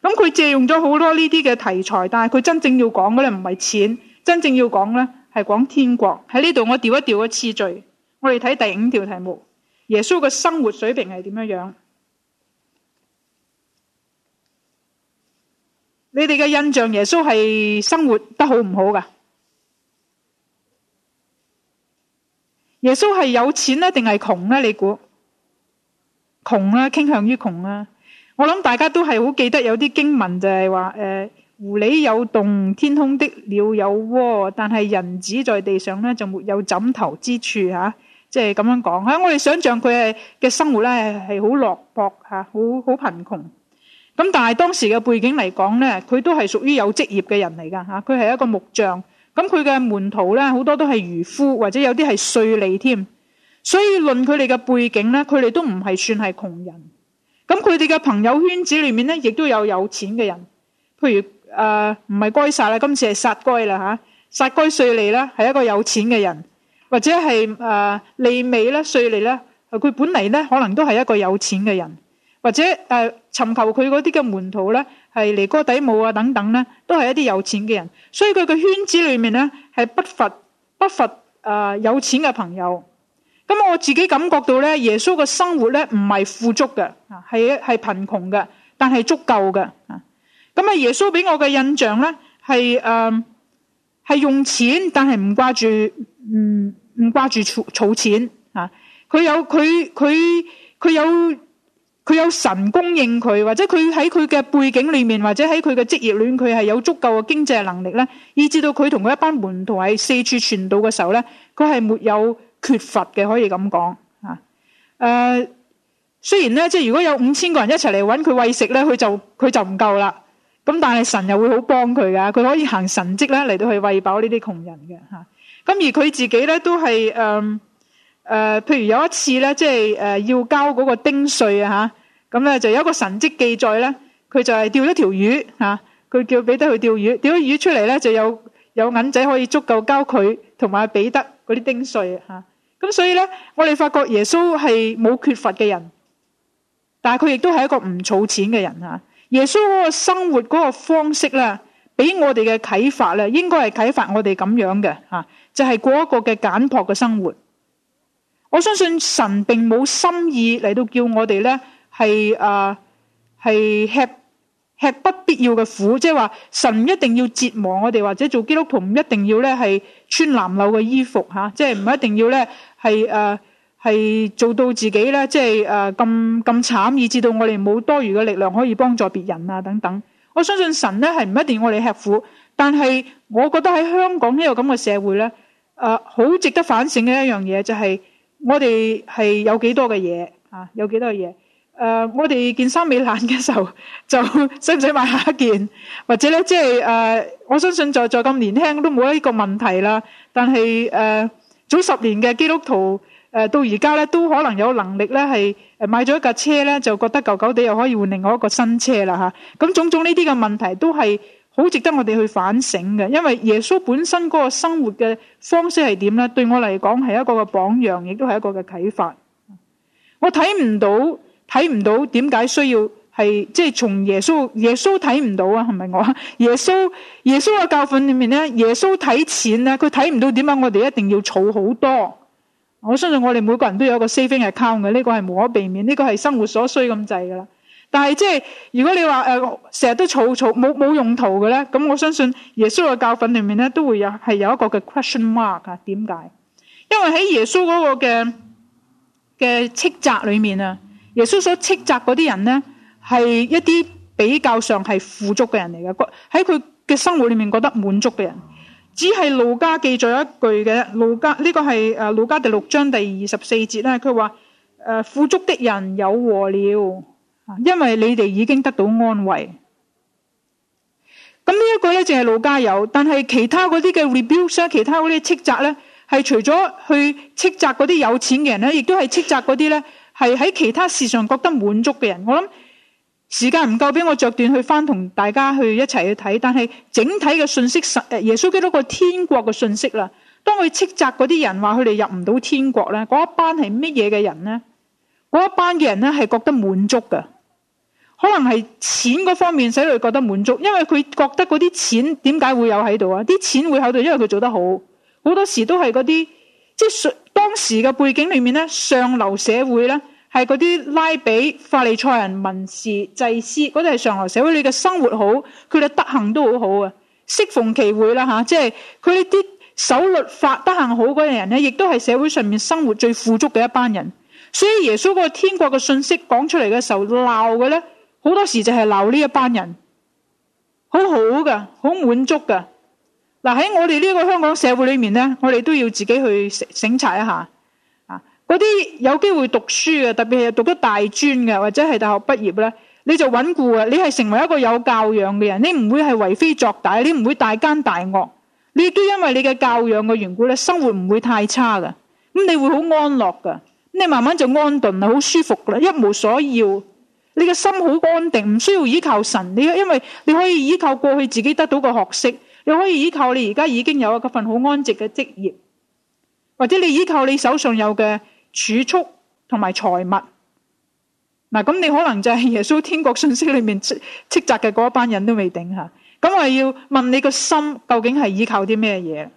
咁佢借用咗好多呢啲嘅題材，但係佢真正要講嘅咧唔係錢，真正要講咧係講天國喺呢度，我調一調個次序，我哋睇第五條題目，耶穌嘅生活水平係點樣樣？你哋嘅印象耶穌係生活得好唔好噶？耶穌係有錢呢定係窮呢？你估窮啦、啊，傾向於窮啦、啊。我諗大家都係好記得有啲經文就係話，誒、呃，狐狸有洞，天空的鳥有窩，但係人子在地上咧就沒有枕頭之處吓，即係咁樣講吓。我哋想象佢嘅生活咧係好落魄吓，好、啊、好貧窮。咁但係當時嘅背景嚟講咧，佢都係屬於有職業嘅人嚟噶嚇，佢係一個木匠。咁佢嘅門徒咧，好多都係漁夫或者有啲係稅吏添。所以論佢哋嘅背景咧，佢哋都唔係算係窮人。咁佢哋嘅朋友圈子裏面咧，亦都有有錢嘅人，譬如誒唔係該撒啦，今次係撒該啦嚇，撒該稅吏啦，係一個有錢嘅人，或者係誒、呃、利未咧、稅吏呢，佢本嚟咧可能都係一個有錢嘅人。或者誒尋求佢嗰啲嘅門徒咧，係尼哥底母啊等等咧，都係一啲有錢嘅人，所以佢嘅圈子裏面咧係不乏不乏誒有錢嘅朋友。咁我自己感覺到咧，耶穌嘅生活咧唔係富足嘅啊，係係貧窮嘅，但係足夠嘅啊。咁啊，耶穌俾我嘅印象咧係誒係用錢，但係唔掛住，唔唔掛住儲儲錢啊。佢有佢佢佢有。佢有神供應佢，或者佢喺佢嘅背景裏面，或者喺佢嘅職業裏面，佢係有足夠嘅經濟能力咧，以至到佢同佢一班門徒喺四處傳道嘅時候咧，佢係沒有缺乏嘅，可以咁講吓。誒、啊，雖然咧，即係如果有五千個人一齊嚟搵佢喂食咧，佢就佢就唔夠啦。咁但係神又會好幫佢噶，佢可以行神跡咧嚟到去喂飽呢啲窮人嘅吓。咁、啊、而佢自己咧都係誒誒，譬如有一次咧，即係誒要交嗰個丁稅啊吓。咁咧就有一個神蹟記載咧，佢就係釣咗條魚吓，佢、啊、叫彼得去釣魚，釣咗魚出嚟咧，就有有銀仔可以足夠交佢同埋彼得嗰啲丁稅吓。咁、啊啊、所以咧，我哋發覺耶穌係冇缺乏嘅人，但係佢亦都係一個唔儲錢嘅人吓、啊。耶穌嗰個生活嗰個方式咧，俾我哋嘅啟發咧，應該係啟發我哋咁樣嘅吓、啊，就係過一個嘅簡樸嘅生活。我相信神並冇心意嚟到叫我哋咧，係啊，係吃吃不必要嘅苦，即係話神唔一定要折磨我哋，或者做基督徒唔一定要咧係穿襤褸嘅衣服、啊、即係唔一定要咧係誒係做到自己咧，即係誒咁咁慘，以至到我哋冇多餘嘅力量可以幫助別人啊等等。我相信神咧係唔一定要我哋吃苦，但係我覺得喺香港呢個咁嘅社會咧，誒、啊、好值得反省嘅一樣嘢就係、是、我哋係有幾多嘅嘢啊，有幾多嘅嘢。誒，我哋件衫未爛嘅時候，就使唔使買下一件？或者咧，即係誒，我相信在在咁年輕都冇一個問題啦。但係誒，早十年嘅基督徒誒，到而家咧都可能有能力咧係買咗一架車咧，就覺得舊舊地又可以換另外一個新車啦吓。咁種種呢啲嘅問題都係好值得我哋去反省嘅，因為耶穌本身嗰個生活嘅方式係點咧？對我嚟講係一個嘅榜樣，亦都係一個嘅啟發。我睇唔到。睇唔到點解需要係即係從耶穌耶穌睇唔到啊，係咪我，耶穌耶穌嘅教訓裏面咧，耶穌睇錢咧，佢睇唔到點解我哋一定要儲好多。我相信我哋每個人都有一個 saving account 嘅，呢個係無可避免，呢個係生活所需咁滯噶啦。但係即係如果你話誒成日都儲儲冇冇用途嘅咧，咁我相信耶穌嘅教訓裏面咧都會有係有一個嘅 question mark 啊。點解？因為喺耶穌嗰個嘅嘅斥責裡面啊，耶穌所斥責嗰啲人咧，係一啲比較上係富足嘅人嚟嘅，喺佢嘅生活裏面覺得滿足嘅人，只係路加記載一句嘅，路加呢個係誒路加第六章第二十四節咧，佢話誒富足的人有禍了，因為你哋已經得到安慰。咁呢一個咧，淨係路加有，但係其他嗰啲嘅 rebuke，其他嗰啲斥責咧，係除咗去斥責嗰啲有錢嘅人咧，亦都係斥責嗰啲咧。係喺其他事上覺得滿足嘅人，我諗時間唔夠，俾我着段去翻同大家一起去一齊去睇。但係整體嘅信息，耶穌基督個天國嘅信息啦。當佢斥責嗰啲人話佢哋入唔到天國咧，嗰一班係乜嘢嘅人咧？嗰一班嘅人咧係覺得滿足噶，可能係錢嗰方面使佢覺得滿足，因為佢覺得嗰啲錢點解會有喺度啊？啲錢會喺度，因為佢做得好，好多時都係嗰啲即係當時嘅背景裏面咧，上流社會咧。係嗰啲拉比、法利賽人、文士、祭司，嗰啲係上流社會，你嘅生活好，佢哋德行都好好啊。適逢其會啦吓，即係佢哋啲守律法、德行好嗰啲人咧，亦都係社會上面生活最富足嘅一班人。所以耶穌嗰個天國嘅信息講出嚟嘅時候，鬧嘅咧，好多時就係鬧呢一班人。好好噶，好滿足噶。嗱，喺我哋呢個香港社會裏面咧，我哋都要自己去省察一下。嗰啲有機會讀書嘅，特別係讀咗大專嘅，或者係大學畢業咧，你就穩固啊！你係成為一個有教養嘅人，你唔會係為非作歹，你唔會大奸大惡，你亦都因為你嘅教養嘅緣故咧，生活唔會太差㗎。咁你會好安樂㗎。咁你慢慢就安頓好舒服㗎啦，一無所要，你嘅心好安定，唔需要依靠神。你因為你可以依靠過去自己得到個學識，你可以依靠你而家已經有一份好安靜嘅職業，或者你依靠你手上有嘅。儲蓄同埋財物嗱，咁你可能就係耶穌天國信息裏面斥斥責嘅嗰一班人都未定吓，咁我要問你個心究竟係依靠啲咩嘢？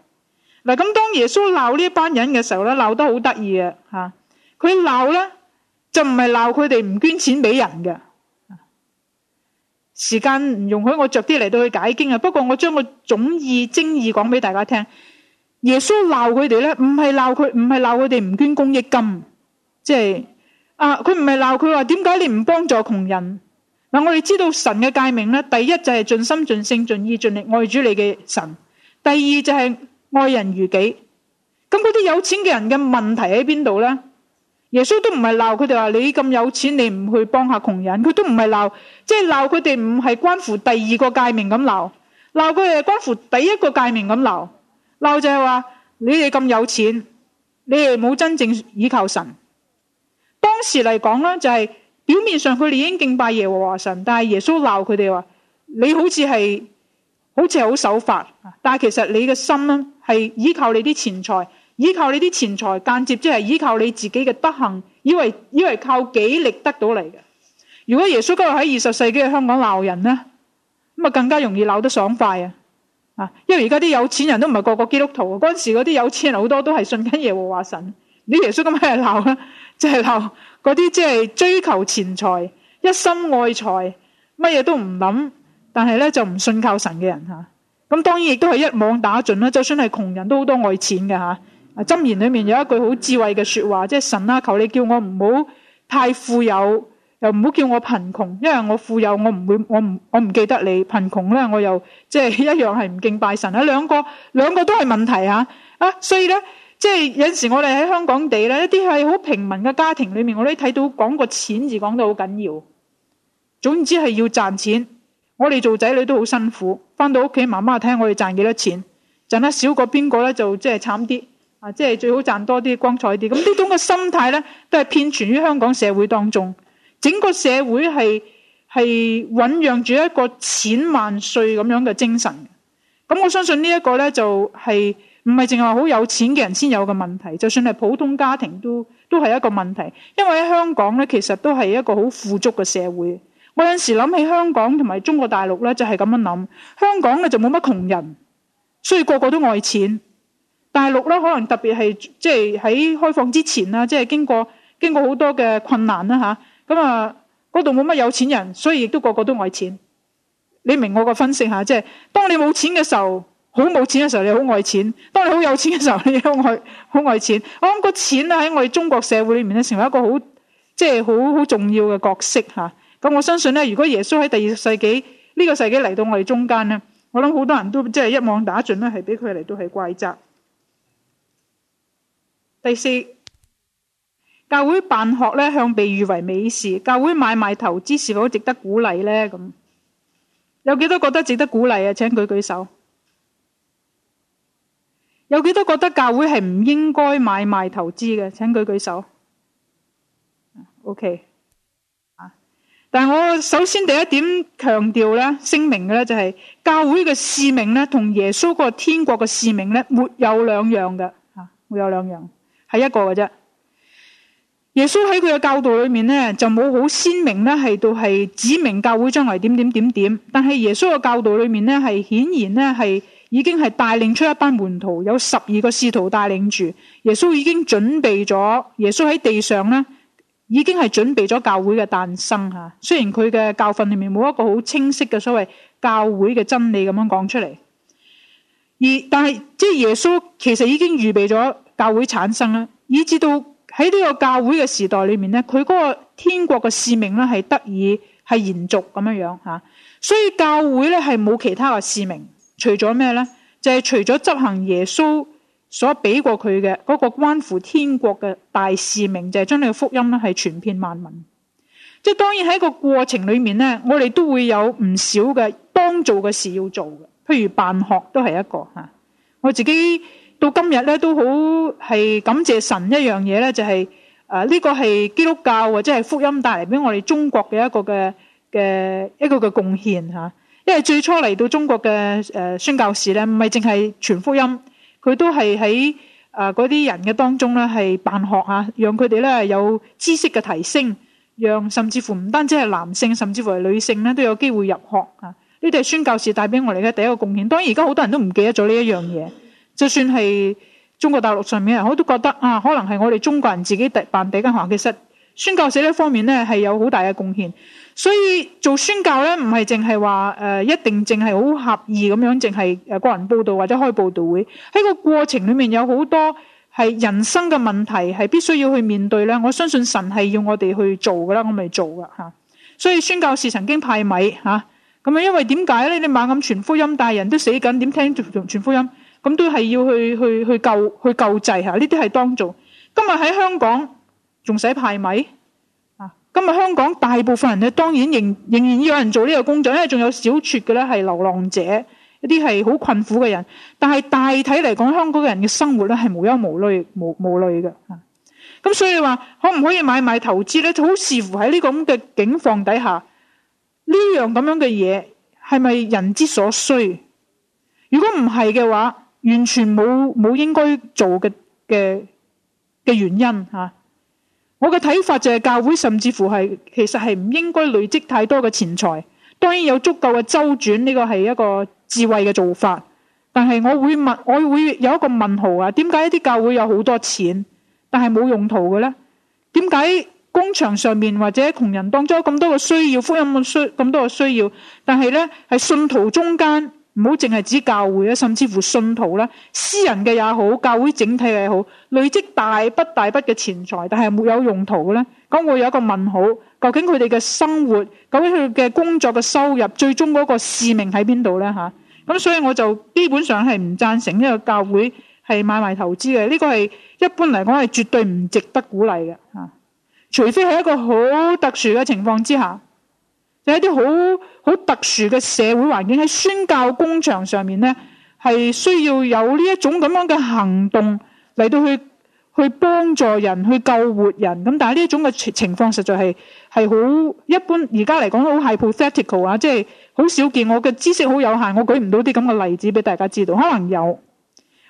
嗱，咁當耶穌鬧呢一班人嘅時候咧，鬧得好得意嘅吓，佢鬧咧就唔係鬧佢哋唔捐錢俾人嘅。時間唔容許我着啲嚟到去解經啊，不過我將個總意、精意講俾大家聽。耶穌鬧佢哋咧，唔係鬧佢，唔係鬧佢哋唔捐公益金，即係啊，佢唔係鬧佢話點解你唔幫助窮人嗱。我哋知道神嘅誡命咧，第一就係盡心盡性盡意盡力愛主你嘅神，第二就係愛人如己。咁嗰啲有錢嘅人嘅問題喺邊度咧？耶穌都唔係鬧佢哋話你咁有錢你唔去幫下窮人，佢都唔係鬧，即係鬧佢哋唔係關乎第二個誡命咁鬧，鬧佢哋關乎第一個誡命咁鬧。鬧就係話你哋咁有錢，你哋冇真正依靠神。當時嚟講咧，就係表面上佢哋已經敬拜耶和華神，但係耶穌鬧佢哋話，你好似係，好似係好守法，但係其實你嘅心咧係依靠你啲錢財，依靠你啲錢財間接即係依靠你自己嘅德行，以為以為靠己力得到嚟嘅。如果耶穌今日喺二十世紀嘅香港鬧人咧，咁啊更加容易鬧得爽快啊！啊，因為而家啲有錢人都唔係個個基督徒嘅，嗰陣時嗰啲有錢人好多都係信緊耶和華神，你耶穌咁樣係鬧啦，即係鬧嗰啲即係追求錢財、一心愛財、乜嘢都唔諗，但係咧就唔信靠神嘅人吓，咁當然亦都係一網打盡啦。就算係窮人都好多愛錢嘅吓，箴言裏面有一句好智慧嘅說話，即係神啦，啊，求你叫我唔好太富有。又唔好叫我貧窮，因為我富有，我唔會，我唔，我唔記得你貧窮咧。我又即係、就是、一樣係唔敬拜神啊，兩個兩個都係問題吓啊！所以咧，即、就、係、是、有陣時我哋喺香港地咧，一啲係好平民嘅家庭裏面，我哋睇到講個錢字講得好緊要。總之係要賺錢，我哋做仔女都好辛苦，返到屋企媽媽聽我哋賺幾多錢，賺得少過邊個咧就即係慘啲啊！即係最好賺多啲，光彩啲。咁呢種嘅心態咧，都係遍存於香港社會當中。整個社會係係醖釀住一個錢萬歲咁樣嘅精神，咁我相信呢一個咧就係唔係淨係好有錢嘅人先有嘅問題，就算係普通家庭都都係一個問題。因為喺香港咧，其實都係一個好富足嘅社會。我有時諗起香港同埋中國大陸咧，就係咁樣諗，香港咧就冇乜窮人，所以個個都愛錢。大陸咧可能特別係即係喺開放之前啦，即係經過經過好多嘅困難啦嚇咁啊，嗰度冇乜有錢人，所以亦都個個都愛錢。你明我個分析下，即係當你冇錢嘅時候，好冇錢嘅時候，你好愛錢；當你好有錢嘅時候你，你好愛好愛錢。我諗個錢咧喺我哋中國社會裏面咧，成為一個好即係好好重要嘅角色吓。咁我相信咧，如果耶穌喺第二十世紀呢個世紀嚟到我哋中間咧，我諗好多人都即係一網打盡咧，係俾佢嚟到係怪責。第四。教會辦學咧向被譽為美事，教會買賣投資是否值得鼓勵咧？咁有幾多覺得值得鼓勵啊？請舉舉手。有幾多覺得教會係唔應該買賣投資嘅？請舉舉手。OK，啊，但係我首先第一點強調咧、聲明嘅咧就係教會嘅使命咧，同耶穌個天國嘅使命咧沒有兩樣嘅，吓沒有兩樣係一個嘅啫。耶穌喺佢嘅教導裏面呢就冇好鮮明咧，係到係指明教會將來點點點點。但係耶穌嘅教導裏面呢係顯然呢係已經係帶領出一班門徒，有十二個使徒帶領住。耶穌已經準備咗，耶穌喺地上呢已經係準備咗教會嘅誕生吓。雖然佢嘅教訓裏面冇一個好清晰嘅所謂教會嘅真理咁樣講出嚟，而但係即係耶穌其實已經預備咗教會產生啦，以致到。喺呢個教會嘅時代裏面咧，佢嗰個天國嘅使命咧係得以係延續咁樣樣吓，所以教會咧係冇其他嘅使命，除咗咩咧，就係、是、除咗執行耶穌所俾過佢嘅嗰個關乎天國嘅大使命，就係將你嘅福音咧係傳遍萬民。即係當然喺個過程裏面咧，我哋都會有唔少嘅當做嘅事要做嘅，譬如辦學都係一個吓，我自己。到今日咧都好，係感謝神一樣嘢咧，就係啊呢個係基督教或者係福音帶嚟俾我哋中國嘅一個嘅嘅一個嘅貢獻嚇。因為最初嚟到中國嘅誒宣教士咧，唔係淨係傳福音，佢都係喺啊嗰啲人嘅當中咧係辦學嚇，讓佢哋咧有知識嘅提升，讓甚至乎唔單止係男性，甚至乎係女性咧都有機會入學嚇。呢啲係宣教士帶俾我哋嘅第一個貢獻。當然而家好多人都唔記得咗呢一樣嘢。就算係中國大陸上面啊，我都覺得啊，可能係我哋中國人自己第辦第一間學校。其實宣教士呢方面咧，係有好大嘅貢獻。所以做宣教咧，唔係淨係話誒，一定淨係好合意咁樣，淨係誒個人佈道或者開佈道會，喺個過程裏面有好多係人生嘅問題係必須要去面對咧。我相信神係要我哋去做噶啦，我咪做噶吓。所以宣教士曾經派米吓咁啊，因為點解咧？你猛咁傳福音，但係人都死緊，點聽傳福音？咁都係要去去去救去救濟吓，呢啲係當做今。今日喺香港仲使派米啊！今日香港大部分人咧，當然仍仍然要有人做呢個工作，因為仲有小撮嘅咧係流浪者，一啲係好困苦嘅人。但係大體嚟講，香港嘅人嘅生活咧係無憂無慮、無無慮嘅啊！咁所以話，可唔可以買賣投資咧？就好視乎喺呢個咁嘅境況底下，呢樣咁樣嘅嘢係咪人之所需？如果唔係嘅話，完全冇冇應該做嘅嘅嘅原因嚇，啊，我嘅睇法就係教會甚至乎係其實係唔應該累積太多嘅錢財。當然有足夠嘅周轉呢，呢個係一個智慧嘅做法，但係我會問我會有一個問號啊！點解一啲教會有好多錢，但係冇用途嘅咧？點解工場上面或者窮人當中咁多嘅需要，福音嘅需咁多嘅需要，但係咧係信徒中間？唔好淨係指教會啊，甚至乎信徒啦，私人嘅也好，教會整體嘅也好，累積大筆大筆嘅錢財，但係沒有用途嘅咧，咁我有一個問號，究竟佢哋嘅生活，究竟佢嘅工作嘅收入，最終嗰個使命喺邊度咧吓？咁所以我就基本上係唔贊成呢個教會係買賣投資嘅，呢、這個係一般嚟講係絕對唔值得鼓勵嘅吓，除非係一個好特殊嘅情況之下。就一啲好好特殊嘅社會環境喺宣教工場上面咧，係需要有呢一種咁樣嘅行動嚟到去去幫助人、去救活人。咁但係呢一種嘅情況，實在係係好一般。而家嚟講，都好 hypothetical 啊，即係好少見。我嘅知識好有限，我舉唔到啲咁嘅例子俾大家知道。可能有，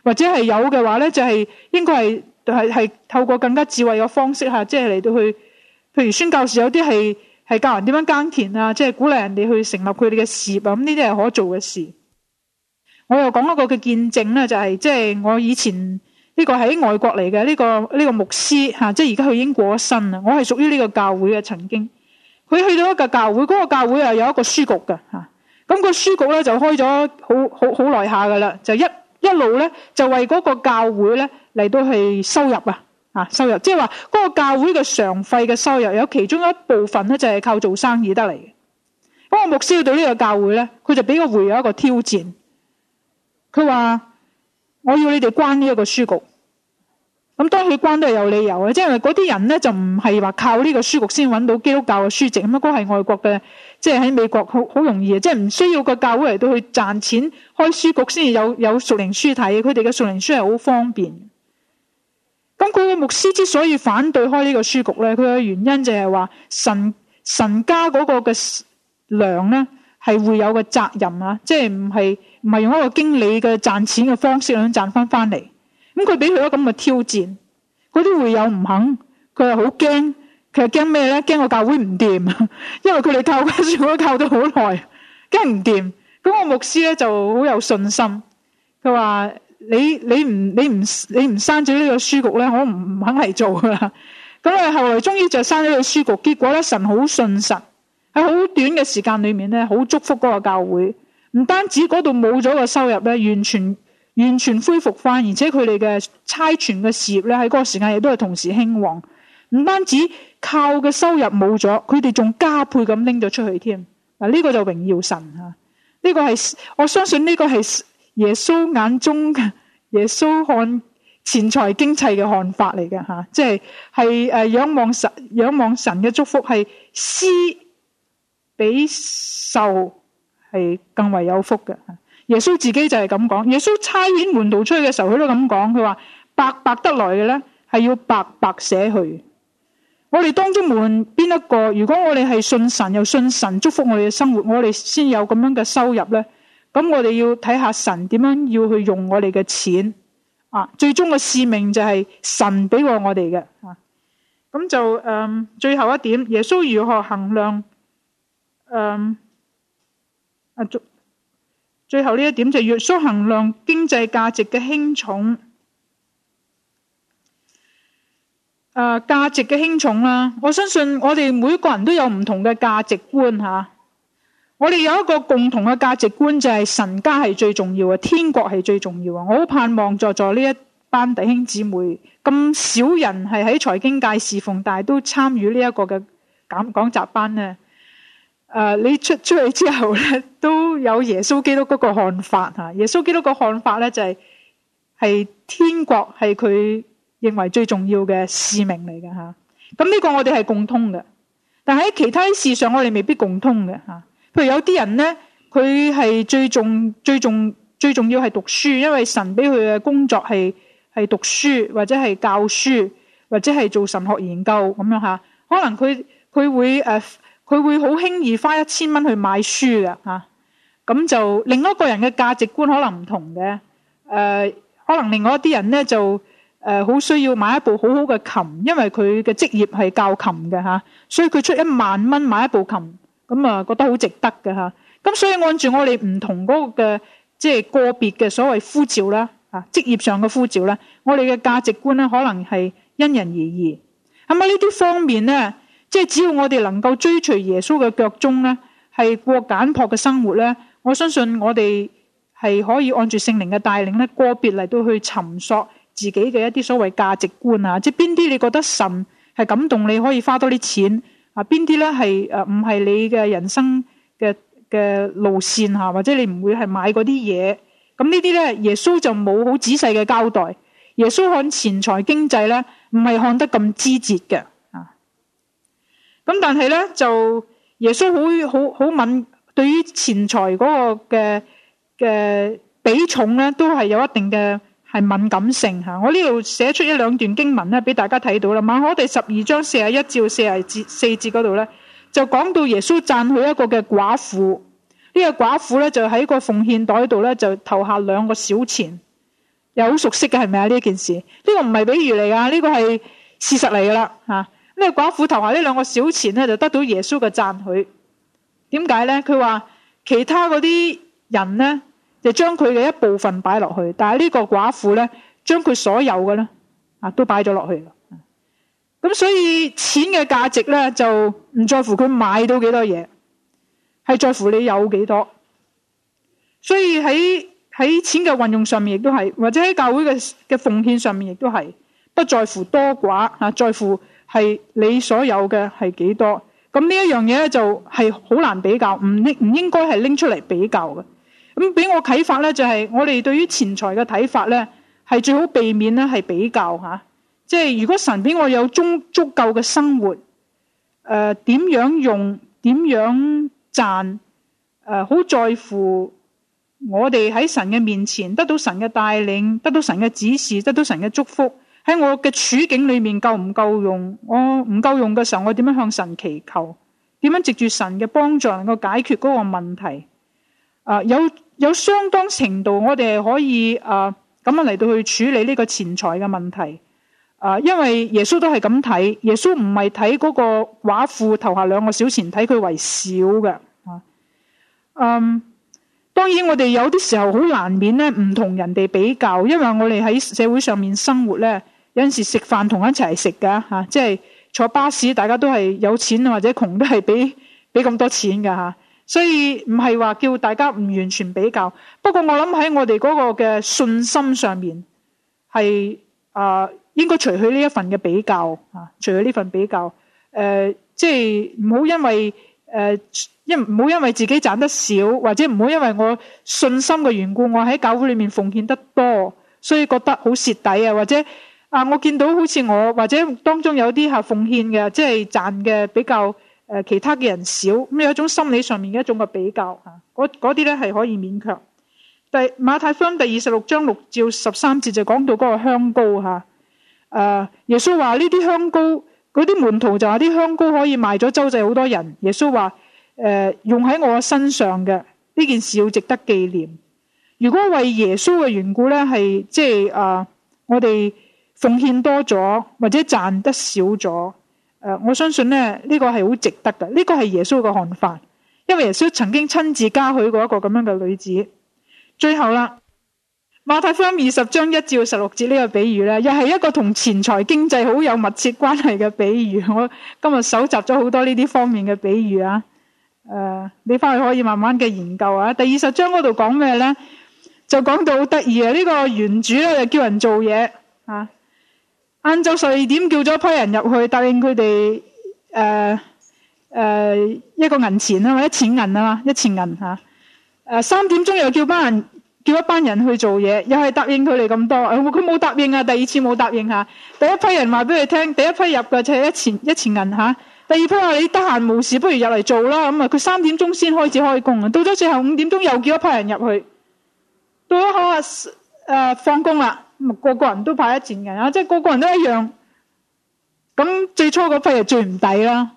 或者係有嘅話咧，就係、是、應該係係係透過更加智慧嘅方式嚇，即係嚟到去，譬如宣教士有啲係。係教人點樣耕田啊，即係鼓勵人哋去成立佢哋嘅事業啊，咁呢啲係可做嘅事。我又講一個嘅見證咧，就係即係我以前呢個喺外國嚟嘅呢個呢個牧師吓，即係而家佢已經過咗身啦。我係屬於呢個教會嘅曾經，佢去到一個教會，嗰個教會啊有一個書局噶吓，咁個書局咧就開咗好好好耐下噶啦，就一一路咧就為嗰個教會咧嚟到去收入啊。啊！收入即係話嗰個教會嘅常費嘅收入有其中一部分咧就係、是、靠做生意得嚟嘅。咁我牧師到呢個教會咧，佢就俾我會有一個挑戰。佢話我要你哋關呢一個書局。咁當佢關都係有理由嘅，即係嗰啲人咧就唔係話靠呢個書局先揾到基督教嘅書籍。咁啊，嗰係外國嘅，即係喺美國好好容易嘅，即係唔需要個教會嚟到去賺錢開書局先有有屬靈書睇。佢哋嘅屬靈書係好方便。咁佢個牧師之所以反對開呢個書局咧，佢嘅原因就係話神神家嗰個嘅糧咧係會有個責任啊，即係唔係唔係用一個經理嘅賺錢嘅方式咁賺翻翻嚟。咁佢俾佢一個咁嘅挑戰，嗰啲會友唔肯，佢係好驚，佢係驚咩咧？驚個教會唔掂，因為佢哋靠嗰書局靠得好耐，驚唔掂。咁個牧師咧就好有信心，佢話。你你唔你唔你唔刪咗呢個書局咧，我唔唔肯嚟做噶啦。咁啊，後來終於就刪咗個書局，結果咧神好信神，喺好短嘅時間裏面咧，好祝福嗰個教會。唔單止嗰度冇咗個收入咧，完全完全恢復翻，而且佢哋嘅差傳嘅事業咧，喺嗰個時間亦都係同時興旺。唔單止靠嘅收入冇咗，佢哋仲加倍咁拎咗出去添。嗱、這、呢個就榮耀神吓，呢、這個係我相信，呢個係。耶穌眼中嘅，耶穌看錢財經濟嘅看法嚟嘅吓，即係係誒仰望神，仰望神嘅祝福係施比受係更為有福嘅，啊。耶穌自己就係咁講，耶穌差遣門徒出去嘅時候，佢都咁講，佢話白白得來嘅咧係要白白捨去。我哋當中門邊一個，如果我哋係信神又信神祝福我哋嘅生活，我哋先有咁樣嘅收入咧。咁我哋要睇下神點樣要去用我哋嘅錢啊！最終嘅使命就係神俾我我哋嘅啊！咁就誒、嗯、最後一點，耶穌如何衡量誒、嗯、啊？最後呢一點就係耶穌衡量經濟價值嘅輕重誒、啊，價值嘅輕重啦、啊！我相信我哋每個人都有唔同嘅價值觀吓。啊。我哋有一個共同嘅價值觀，就係、是、神家係最重要嘅，天國係最重要啊！我好盼望在座呢一班弟兄姊妹咁少人係喺財經界侍奉吓，但係都參與呢一個嘅講講習班咧。誒、呃，你出出去之後咧，都有耶穌基督嗰個看法吓。耶穌基督個看法咧就係、是、係天國係佢認為最重要嘅使命嚟嘅吓。咁、啊、呢、這個我哋係共通嘅，但係喺其他事上，我哋未必共通嘅吓。啊譬如有啲人咧，佢係最重、最重、最重要係讀書，因為神俾佢嘅工作係係讀書，或者係教書，或者係做神學研究咁樣下，可能佢佢會誒，佢會好輕易花一千蚊去買書嘅嚇。咁就另一個人嘅價值觀可能唔同嘅誒、呃，可能另外一啲人咧就誒好、呃、需要買一部好好嘅琴，因為佢嘅職業係教琴嘅，所以佢出一萬蚊買一部琴。咁啊，覺得好值得嘅吓，咁所以按住我哋唔同嗰個嘅，即係個別嘅所謂呼召啦，啊，職業上嘅呼召啦，我哋嘅價值觀咧，可能係因人而異，咁啊，呢啲方面咧，即係只要我哋能夠追隨耶穌嘅腳蹤咧，係過簡樸嘅生活咧，我相信我哋係可以按住聖靈嘅帶領咧，個別嚟到去尋索自己嘅一啲所謂價值觀啊，即係邊啲你覺得神係感動你可以多花多啲錢。啊，邊啲咧係誒唔係你嘅人生嘅嘅路線吓，或者你唔會係買嗰啲嘢。咁呢啲咧，耶穌就冇好仔細嘅交代。耶穌看錢財經濟咧，唔係看得咁枝節嘅啊。咁但係咧，就耶穌好好好敏對於錢財嗰個嘅嘅比重咧，都係有一定嘅。係敏感性吓，我呢度寫出一兩段經文咧，俾大家睇到啦。馬可第十二章四十一至四十四節嗰度咧，就講到耶穌讚許一個嘅寡婦，呢個寡婦咧就喺個奉獻袋度咧就投下兩個小錢，又好熟悉嘅係咪啊？呢件事呢個唔係比喻嚟噶，呢個係事實嚟噶啦吓。呢個寡婦投下呢兩個小錢咧，就得到耶穌嘅讚許。點解咧？佢話其他嗰啲人咧。就將佢嘅一部分擺落去，但係呢個寡婦咧，將佢所有嘅咧啊，都擺咗落去。咁所以錢嘅價值咧，就唔在乎佢買到幾多嘢，係在乎你有幾多。所以喺喺錢嘅運用上面，亦都係，或者喺教會嘅嘅奉獻上面，亦都係，不在乎多寡啊，在乎係你所有嘅係幾多。咁呢一樣嘢咧，就係好難比較，唔應唔應該係拎出嚟比較嘅。咁俾我啟發咧，就係、是、我哋對於錢財嘅睇法咧，係最好避免咧，係比較嚇。即係如果神俾我有足足夠嘅生活，誒、呃、點樣用？點樣賺？誒、呃、好在乎我哋喺神嘅面前得到神嘅帶領，得到神嘅指示，得到神嘅祝福。喺我嘅處境裏面夠唔夠用？我唔夠用嘅時候，我點樣向神祈求？點樣藉住神嘅幫助能夠解決嗰個問題？呃、有。有相當程度，我哋可以啊咁啊，嚟到去處理呢個錢財嘅問題啊、呃，因為耶穌都係咁睇，耶穌唔係睇嗰個寡婦投下兩個小錢，睇佢為少嘅啊。嗯，當然我哋有啲時候好難免咧，唔同人哋比較，因為我哋喺社會上面生活咧，有陣時食飯同一齊食噶吓，即係坐巴士，大家都係有錢或者窮都係俾俾咁多錢噶吓。啊所以唔係話叫大家唔完全比較，不過我諗喺我哋嗰個嘅信心上面，係啊、呃，應該除去呢一份嘅比較啊，除去呢份比較，誒、呃，即係唔好因為誒，因唔好因為自己賺得少，或者唔好因為我信心嘅緣故，我喺教會裏面奉獻得多，所以覺得好蝕底啊，或者啊，我見到好似我或者當中有啲係奉獻嘅，即係賺嘅比較。誒其他嘅人少，咁有一種心理上面嘅一種嘅比較嚇，嗰啲咧，係可以勉強。但馬太福音第二十六章六至十三節就講到嗰個香膏吓，誒耶穌話呢啲香膏，嗰啲門徒就話啲香膏可以賣咗周濟好多人。耶穌話誒、呃、用喺我身上嘅呢件事要值得紀念。如果為耶穌嘅緣故咧，係即係誒我哋奉獻多咗或者賺得少咗。誒、呃，我相信咧呢、這個係好值得噶，呢、這個係耶穌嘅看法，因為耶穌曾經親自嘉許過一個咁樣嘅女子。最後啦，《馬太福音》二十章一至十六節呢個比喻咧，又係一個同錢財經濟好有密切關係嘅比喻。我今日蒐集咗好多呢啲方面嘅比喻啊，誒、呃，你返去可以慢慢嘅研究啊。第二十章嗰度講咩咧？就講到好得意啊！呢、這個園主咧，就叫人做嘢啊。晏晝十二點叫咗一批人入去，答應佢哋誒誒一個銀錢啊嘛，一錢銀啊嘛，一錢銀吓。誒、啊、三、呃、點鐘又叫班人，叫一班人去做嘢，又係答應佢哋咁多。佢、呃、冇答應，答應啊，啊，第二次冇答應吓。第一批人話俾佢聽，第一批入嘅就係一錢一錢銀吓。第二批話，你得閒冇事，不如入嚟做啦。咁、嗯、啊，佢三點鐘先開始開工啊。到咗最後五點鐘又叫一批人入去，到咗好啊誒放工啦。咁個個人都派一錢銀啊，即係個個人都一樣。咁最初嗰批係最唔抵啦。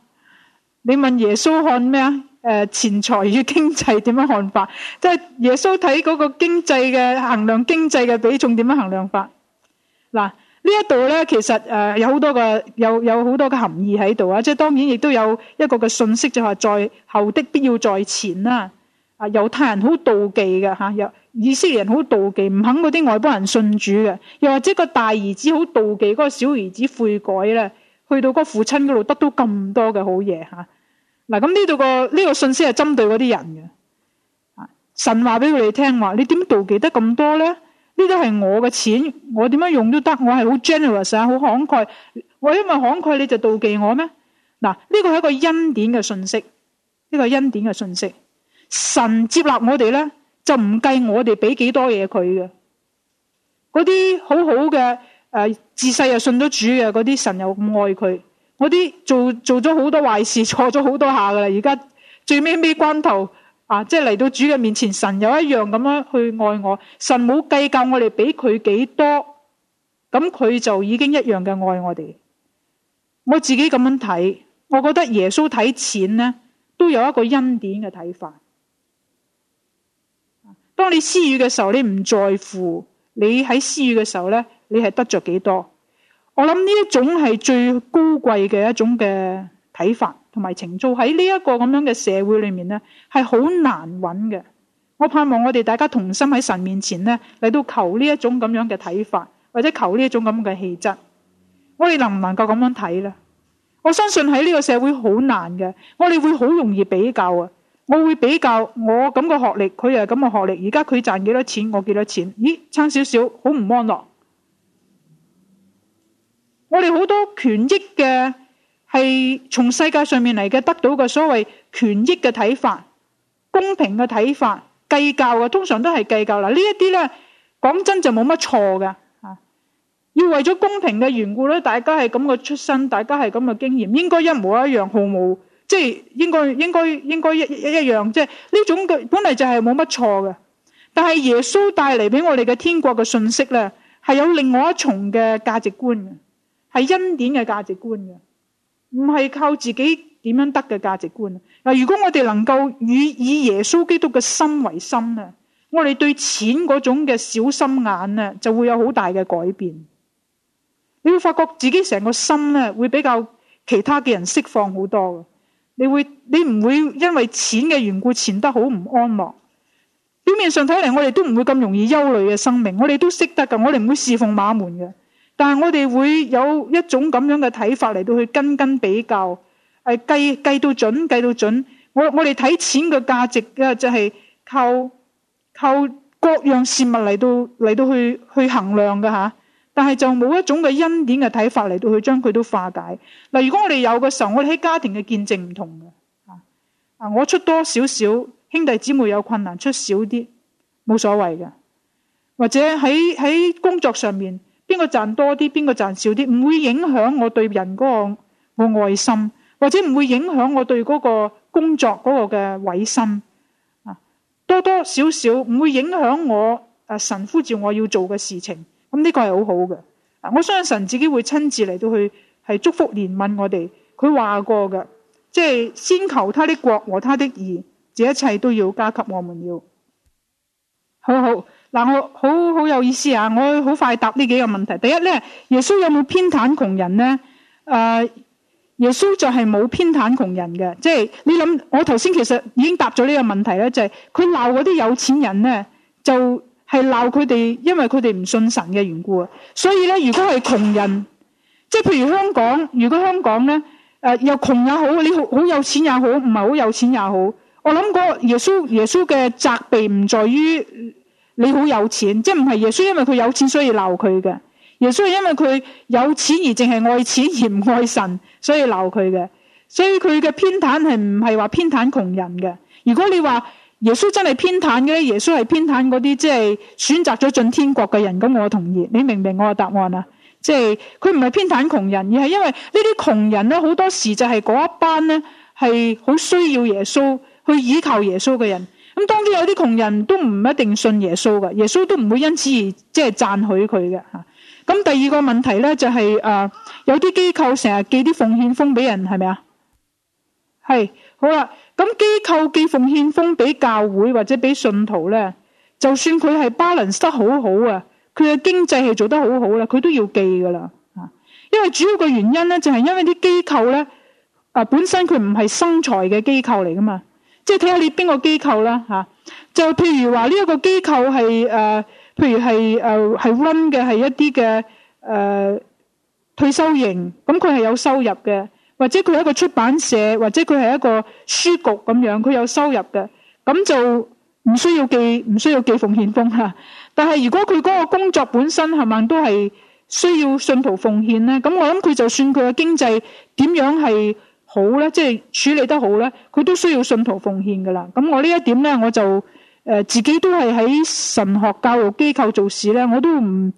你問耶穌看咩啊？誒，錢財與經濟點樣看法？即係耶穌睇嗰個經濟嘅衡量，經濟嘅比重點樣衡量法？嗱，呢一度咧，其實誒有好多嘅有有好多嘅含義喺度啊。即係當然亦都有一個嘅信息，就係在後的必要在前啦。啊，猶太人好妒忌嘅吓以色列人好妒忌，唔肯嗰啲外邦人信主嘅，又或者個大兒子好妒忌嗰個小兒子悔改咧，去到個父親嗰度得到咁多嘅好嘢吓。嗱，咁呢度個呢個信息，係針對嗰啲人嘅啊，神話俾佢哋聽話，你點妒忌得咁多咧？呢啲係我嘅錢，我點樣用都得，我係好 generous 啊，好慷慨，我因為慷慨你就妒忌我咩？嗱，啊，呢個係一個恩典嘅信息，呢個恩典嘅信息，神接納我哋咧。就唔計我哋俾幾多嘢佢嘅，嗰啲好好嘅，誒自細又信咗主嘅，嗰啲神又咁愛佢，嗰啲做做咗好多壞事，錯咗好多下噶啦，而家最尾尾關頭啊，即係嚟到主嘅面前，神又一樣咁樣去愛我，神冇計較我哋俾佢幾多，咁佢就已經一樣嘅愛我哋。我自己咁樣睇，我覺得耶穌睇錢咧，都有一個恩典嘅睇法。當你施予嘅時候，你唔在乎你喺施予嘅時候呢，你係得着幾多？我諗呢一種係最高貴嘅一種嘅睇法，同埋情操，喺呢一個咁樣嘅社會裏面呢，係好難揾嘅。我盼望我哋大家同心喺神面前呢，嚟到求呢一種咁樣嘅睇法，或者求呢一種咁嘅氣質。我哋能唔能夠咁樣睇呢？我相信喺呢個社會好難嘅，我哋會好容易比較啊。我會比較我咁個學歷，佢又係咁個學歷，而家佢賺幾多錢，我幾多錢？咦，差少少，好唔安樂。我哋好多權益嘅係從世界上面嚟嘅，得到嘅所謂權益嘅睇法、公平嘅睇法、計較嘅，通常都係計較嗱。呢一啲呢，講真就冇乜錯㗎。要為咗公平嘅緣故呢，大家係咁嘅出身，大家係咁嘅經驗，應該一模一樣，毫無。即係應該應該應該一一樣，即係呢種嘅本嚟，就係冇乜錯嘅。但係耶穌帶嚟俾我哋嘅天國嘅信息咧，係有另外一重嘅價值觀嘅，係恩典嘅價值觀嘅，唔係靠自己點樣得嘅價值觀。嗱，如果我哋能夠與以耶穌基督嘅心為心啊，我哋對錢嗰種嘅小心眼呢，就會有好大嘅改變。你會發覺自己成個心咧，會比較其他嘅人釋放好多嘅。你會你唔會因為錢嘅緣故，錢得好唔安樂？表面上睇嚟，我哋都唔會咁容易憂慮嘅生命，我哋都識得噶，我哋唔會侍奉馬門嘅。但係我哋會有一種咁樣嘅睇法嚟到去斤斤比較計，係計計到準，計到準。我我哋睇錢嘅價值嘅就係靠靠各樣事物嚟到嚟到去去衡量㗎。吓。但係就冇一種嘅恩典嘅睇法嚟到去將佢都化解嗱。如果我哋有嘅時候，我哋喺家庭嘅見證唔同嘅啊。我出多少少兄弟姊妹有困難，出少啲冇所謂嘅。或者喺喺工作上面，邊個賺多啲，邊個賺少啲，唔會影響我對人嗰個個愛心，或者唔會影響我對嗰個工作嗰個嘅委心啊。多多少少唔會影響我誒神呼召我要做嘅事情。咁呢個係好好嘅，我相信神自己會親自嚟到去係祝福憐憫我哋。佢話過嘅，即係先求他的國和他的義，這一切都要加給我們要。好好，嗱我好好，好有意思啊！我好快答呢幾個問題。第一咧，耶穌有冇偏袒窮人咧？誒、呃，耶穌就係冇偏袒窮人嘅，即係你諗，我頭先其實已經答咗呢個問題啦，就係佢鬧嗰啲有錢人咧就。係鬧佢哋，因為佢哋唔信神嘅緣故啊！所以咧，如果係窮人，即係譬如香港，如果香港咧，誒、呃、又窮也好，你好好有錢也好，唔係好有錢也好，我諗嗰個耶穌耶穌嘅責備唔在於你好有錢，即係唔係耶穌因為佢有錢所以鬧佢嘅，耶穌係因為佢有錢而淨係愛錢而唔愛神所，所以鬧佢嘅。所以佢嘅偏袒係唔係話偏袒窮人嘅？如果你話，耶穌真係偏袒嘅，耶穌係偏袒嗰啲即係選擇咗進天國嘅人。咁我同意，你明唔明我嘅答案啊？即係佢唔係偏袒窮人，而係因為呢啲窮人咧，好多時就係嗰一班咧係好需要耶穌去依靠耶穌嘅人。咁當中有啲窮人都唔一定信耶穌嘅，耶穌都唔會因此而即係讚許佢嘅嚇。咁第二個問題咧就係誒有啲機構成日寄啲奉獻封俾人係咪啊？係好啦。咁機構寄奉獻封俾教會或者俾信徒咧，就算佢係巴倫得好好啊，佢嘅經濟係做得好好啦，佢都要寄噶啦嚇。因為主要個原因咧，就係、是、因為啲機構咧，啊、呃、本身佢唔係生財嘅機構嚟噶嘛，即係睇下你邊個機構啦、啊、就譬如話呢一個機構係、呃、譬如係誒係溫嘅係一啲嘅誒退休型，咁佢係有收入嘅。或者佢係一個出版社，或者佢係一個書局咁樣，佢有收入嘅，咁就唔需要寄唔需要寄奉獻封喇。但係如果佢嗰個工作本身係咪都係需要信徒奉獻咧？咁我諗佢就算佢嘅經濟點樣係好咧，即係處理得好咧，佢都需要信徒奉獻噶啦。咁我呢一點咧，我就誒自己都係喺神學教育機構做事咧，我都唔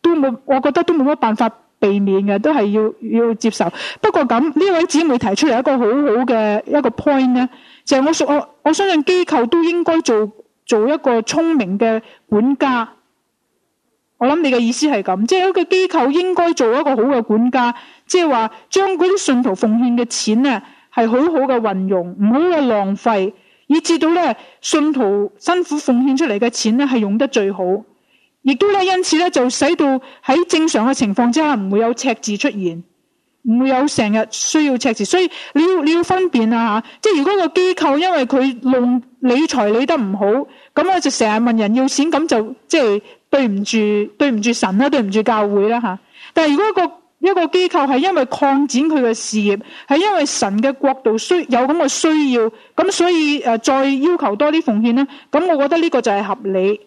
都冇，我覺得都冇乜辦法。避免嘅都係要要接受。不過咁呢位姊妹提出嚟一個好好嘅一個 point 呢，就係我我我相信機構都應該做做一個聰明嘅管家。我諗你嘅意思係咁，即係一個機構應該做一個好嘅管家，即係話將嗰啲信徒奉獻嘅錢咧係好好嘅運用，唔好嘅浪費，以至到咧信徒辛苦奉獻出嚟嘅錢咧係用得最好。亦都咧，因此咧就使到喺正常嘅情況之下唔會有赤字出現，唔會有成日需要赤字。所以你要你要分辨啦吓，即係如果個機構因為佢弄理財理得唔好，咁佢就成日問人要錢，咁就即係、就是、對唔住對唔住神啦，對唔住教會啦吓。但係如果一個一個機構係因為擴展佢嘅事業，係因為神嘅國度需有咁嘅需要，咁所以誒再要求多啲奉獻啦。咁我覺得呢個就係合理。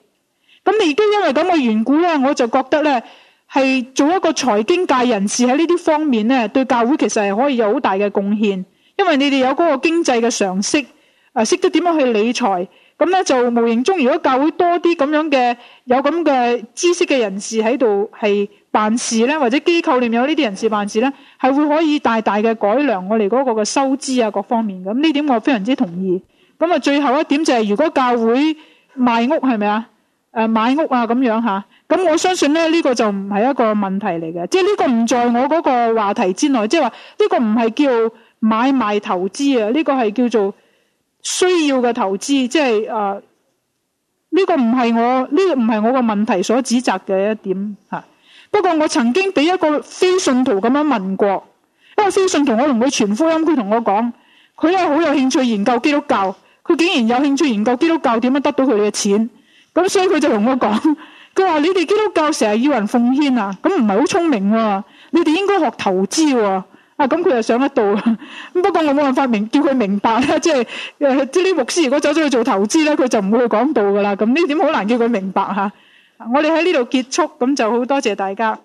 咁你已經因為咁嘅緣故咧，我就覺得咧係做一個財經界人士喺呢啲方面咧，對教會其實係可以有好大嘅貢獻。因為你哋有嗰個經濟嘅常識，誒、啊、識得點樣去理財，咁咧就無形中，如果教會多啲咁樣嘅有咁嘅知識嘅人士喺度係辦事咧，或者機構裏面有呢啲人士辦事咧，係會可以大大嘅改良我哋嗰個嘅收支啊各方面咁。呢點我非常之同意。咁啊，最後一點就係、是、如果教會賣屋係咪啊？誒、啊，買屋啊，咁樣吓，咁、啊、我相信咧，呢、這個就唔係一個問題嚟嘅，即係呢個唔在我嗰個話題之內，即係話呢個唔係叫買賣投資啊，呢、這個係叫做需要嘅投資，即係誒，呢、啊這個唔係我呢、這個唔係我個問題所指責嘅一點吓、啊。不過我曾經俾一個非信徒咁樣問過，一個非信徒，我同佢傳福音，佢同我講，佢係好有興趣研究基督教，佢竟然有興趣研究基督教，點樣得到佢哋嘅錢？咁所以佢就同我講，佢話你哋基督教成日要人奉獻啊，咁唔係好聰明喎，你哋應該學投資喎，啊咁佢就想得到啦。咁不過我冇辦法明，叫佢明白咧，即係即係牧師如果走咗去做投資呢，佢就唔會去講道㗎啦。咁呢點好難叫佢明白吓。我哋喺呢度結束，咁就好多謝大家。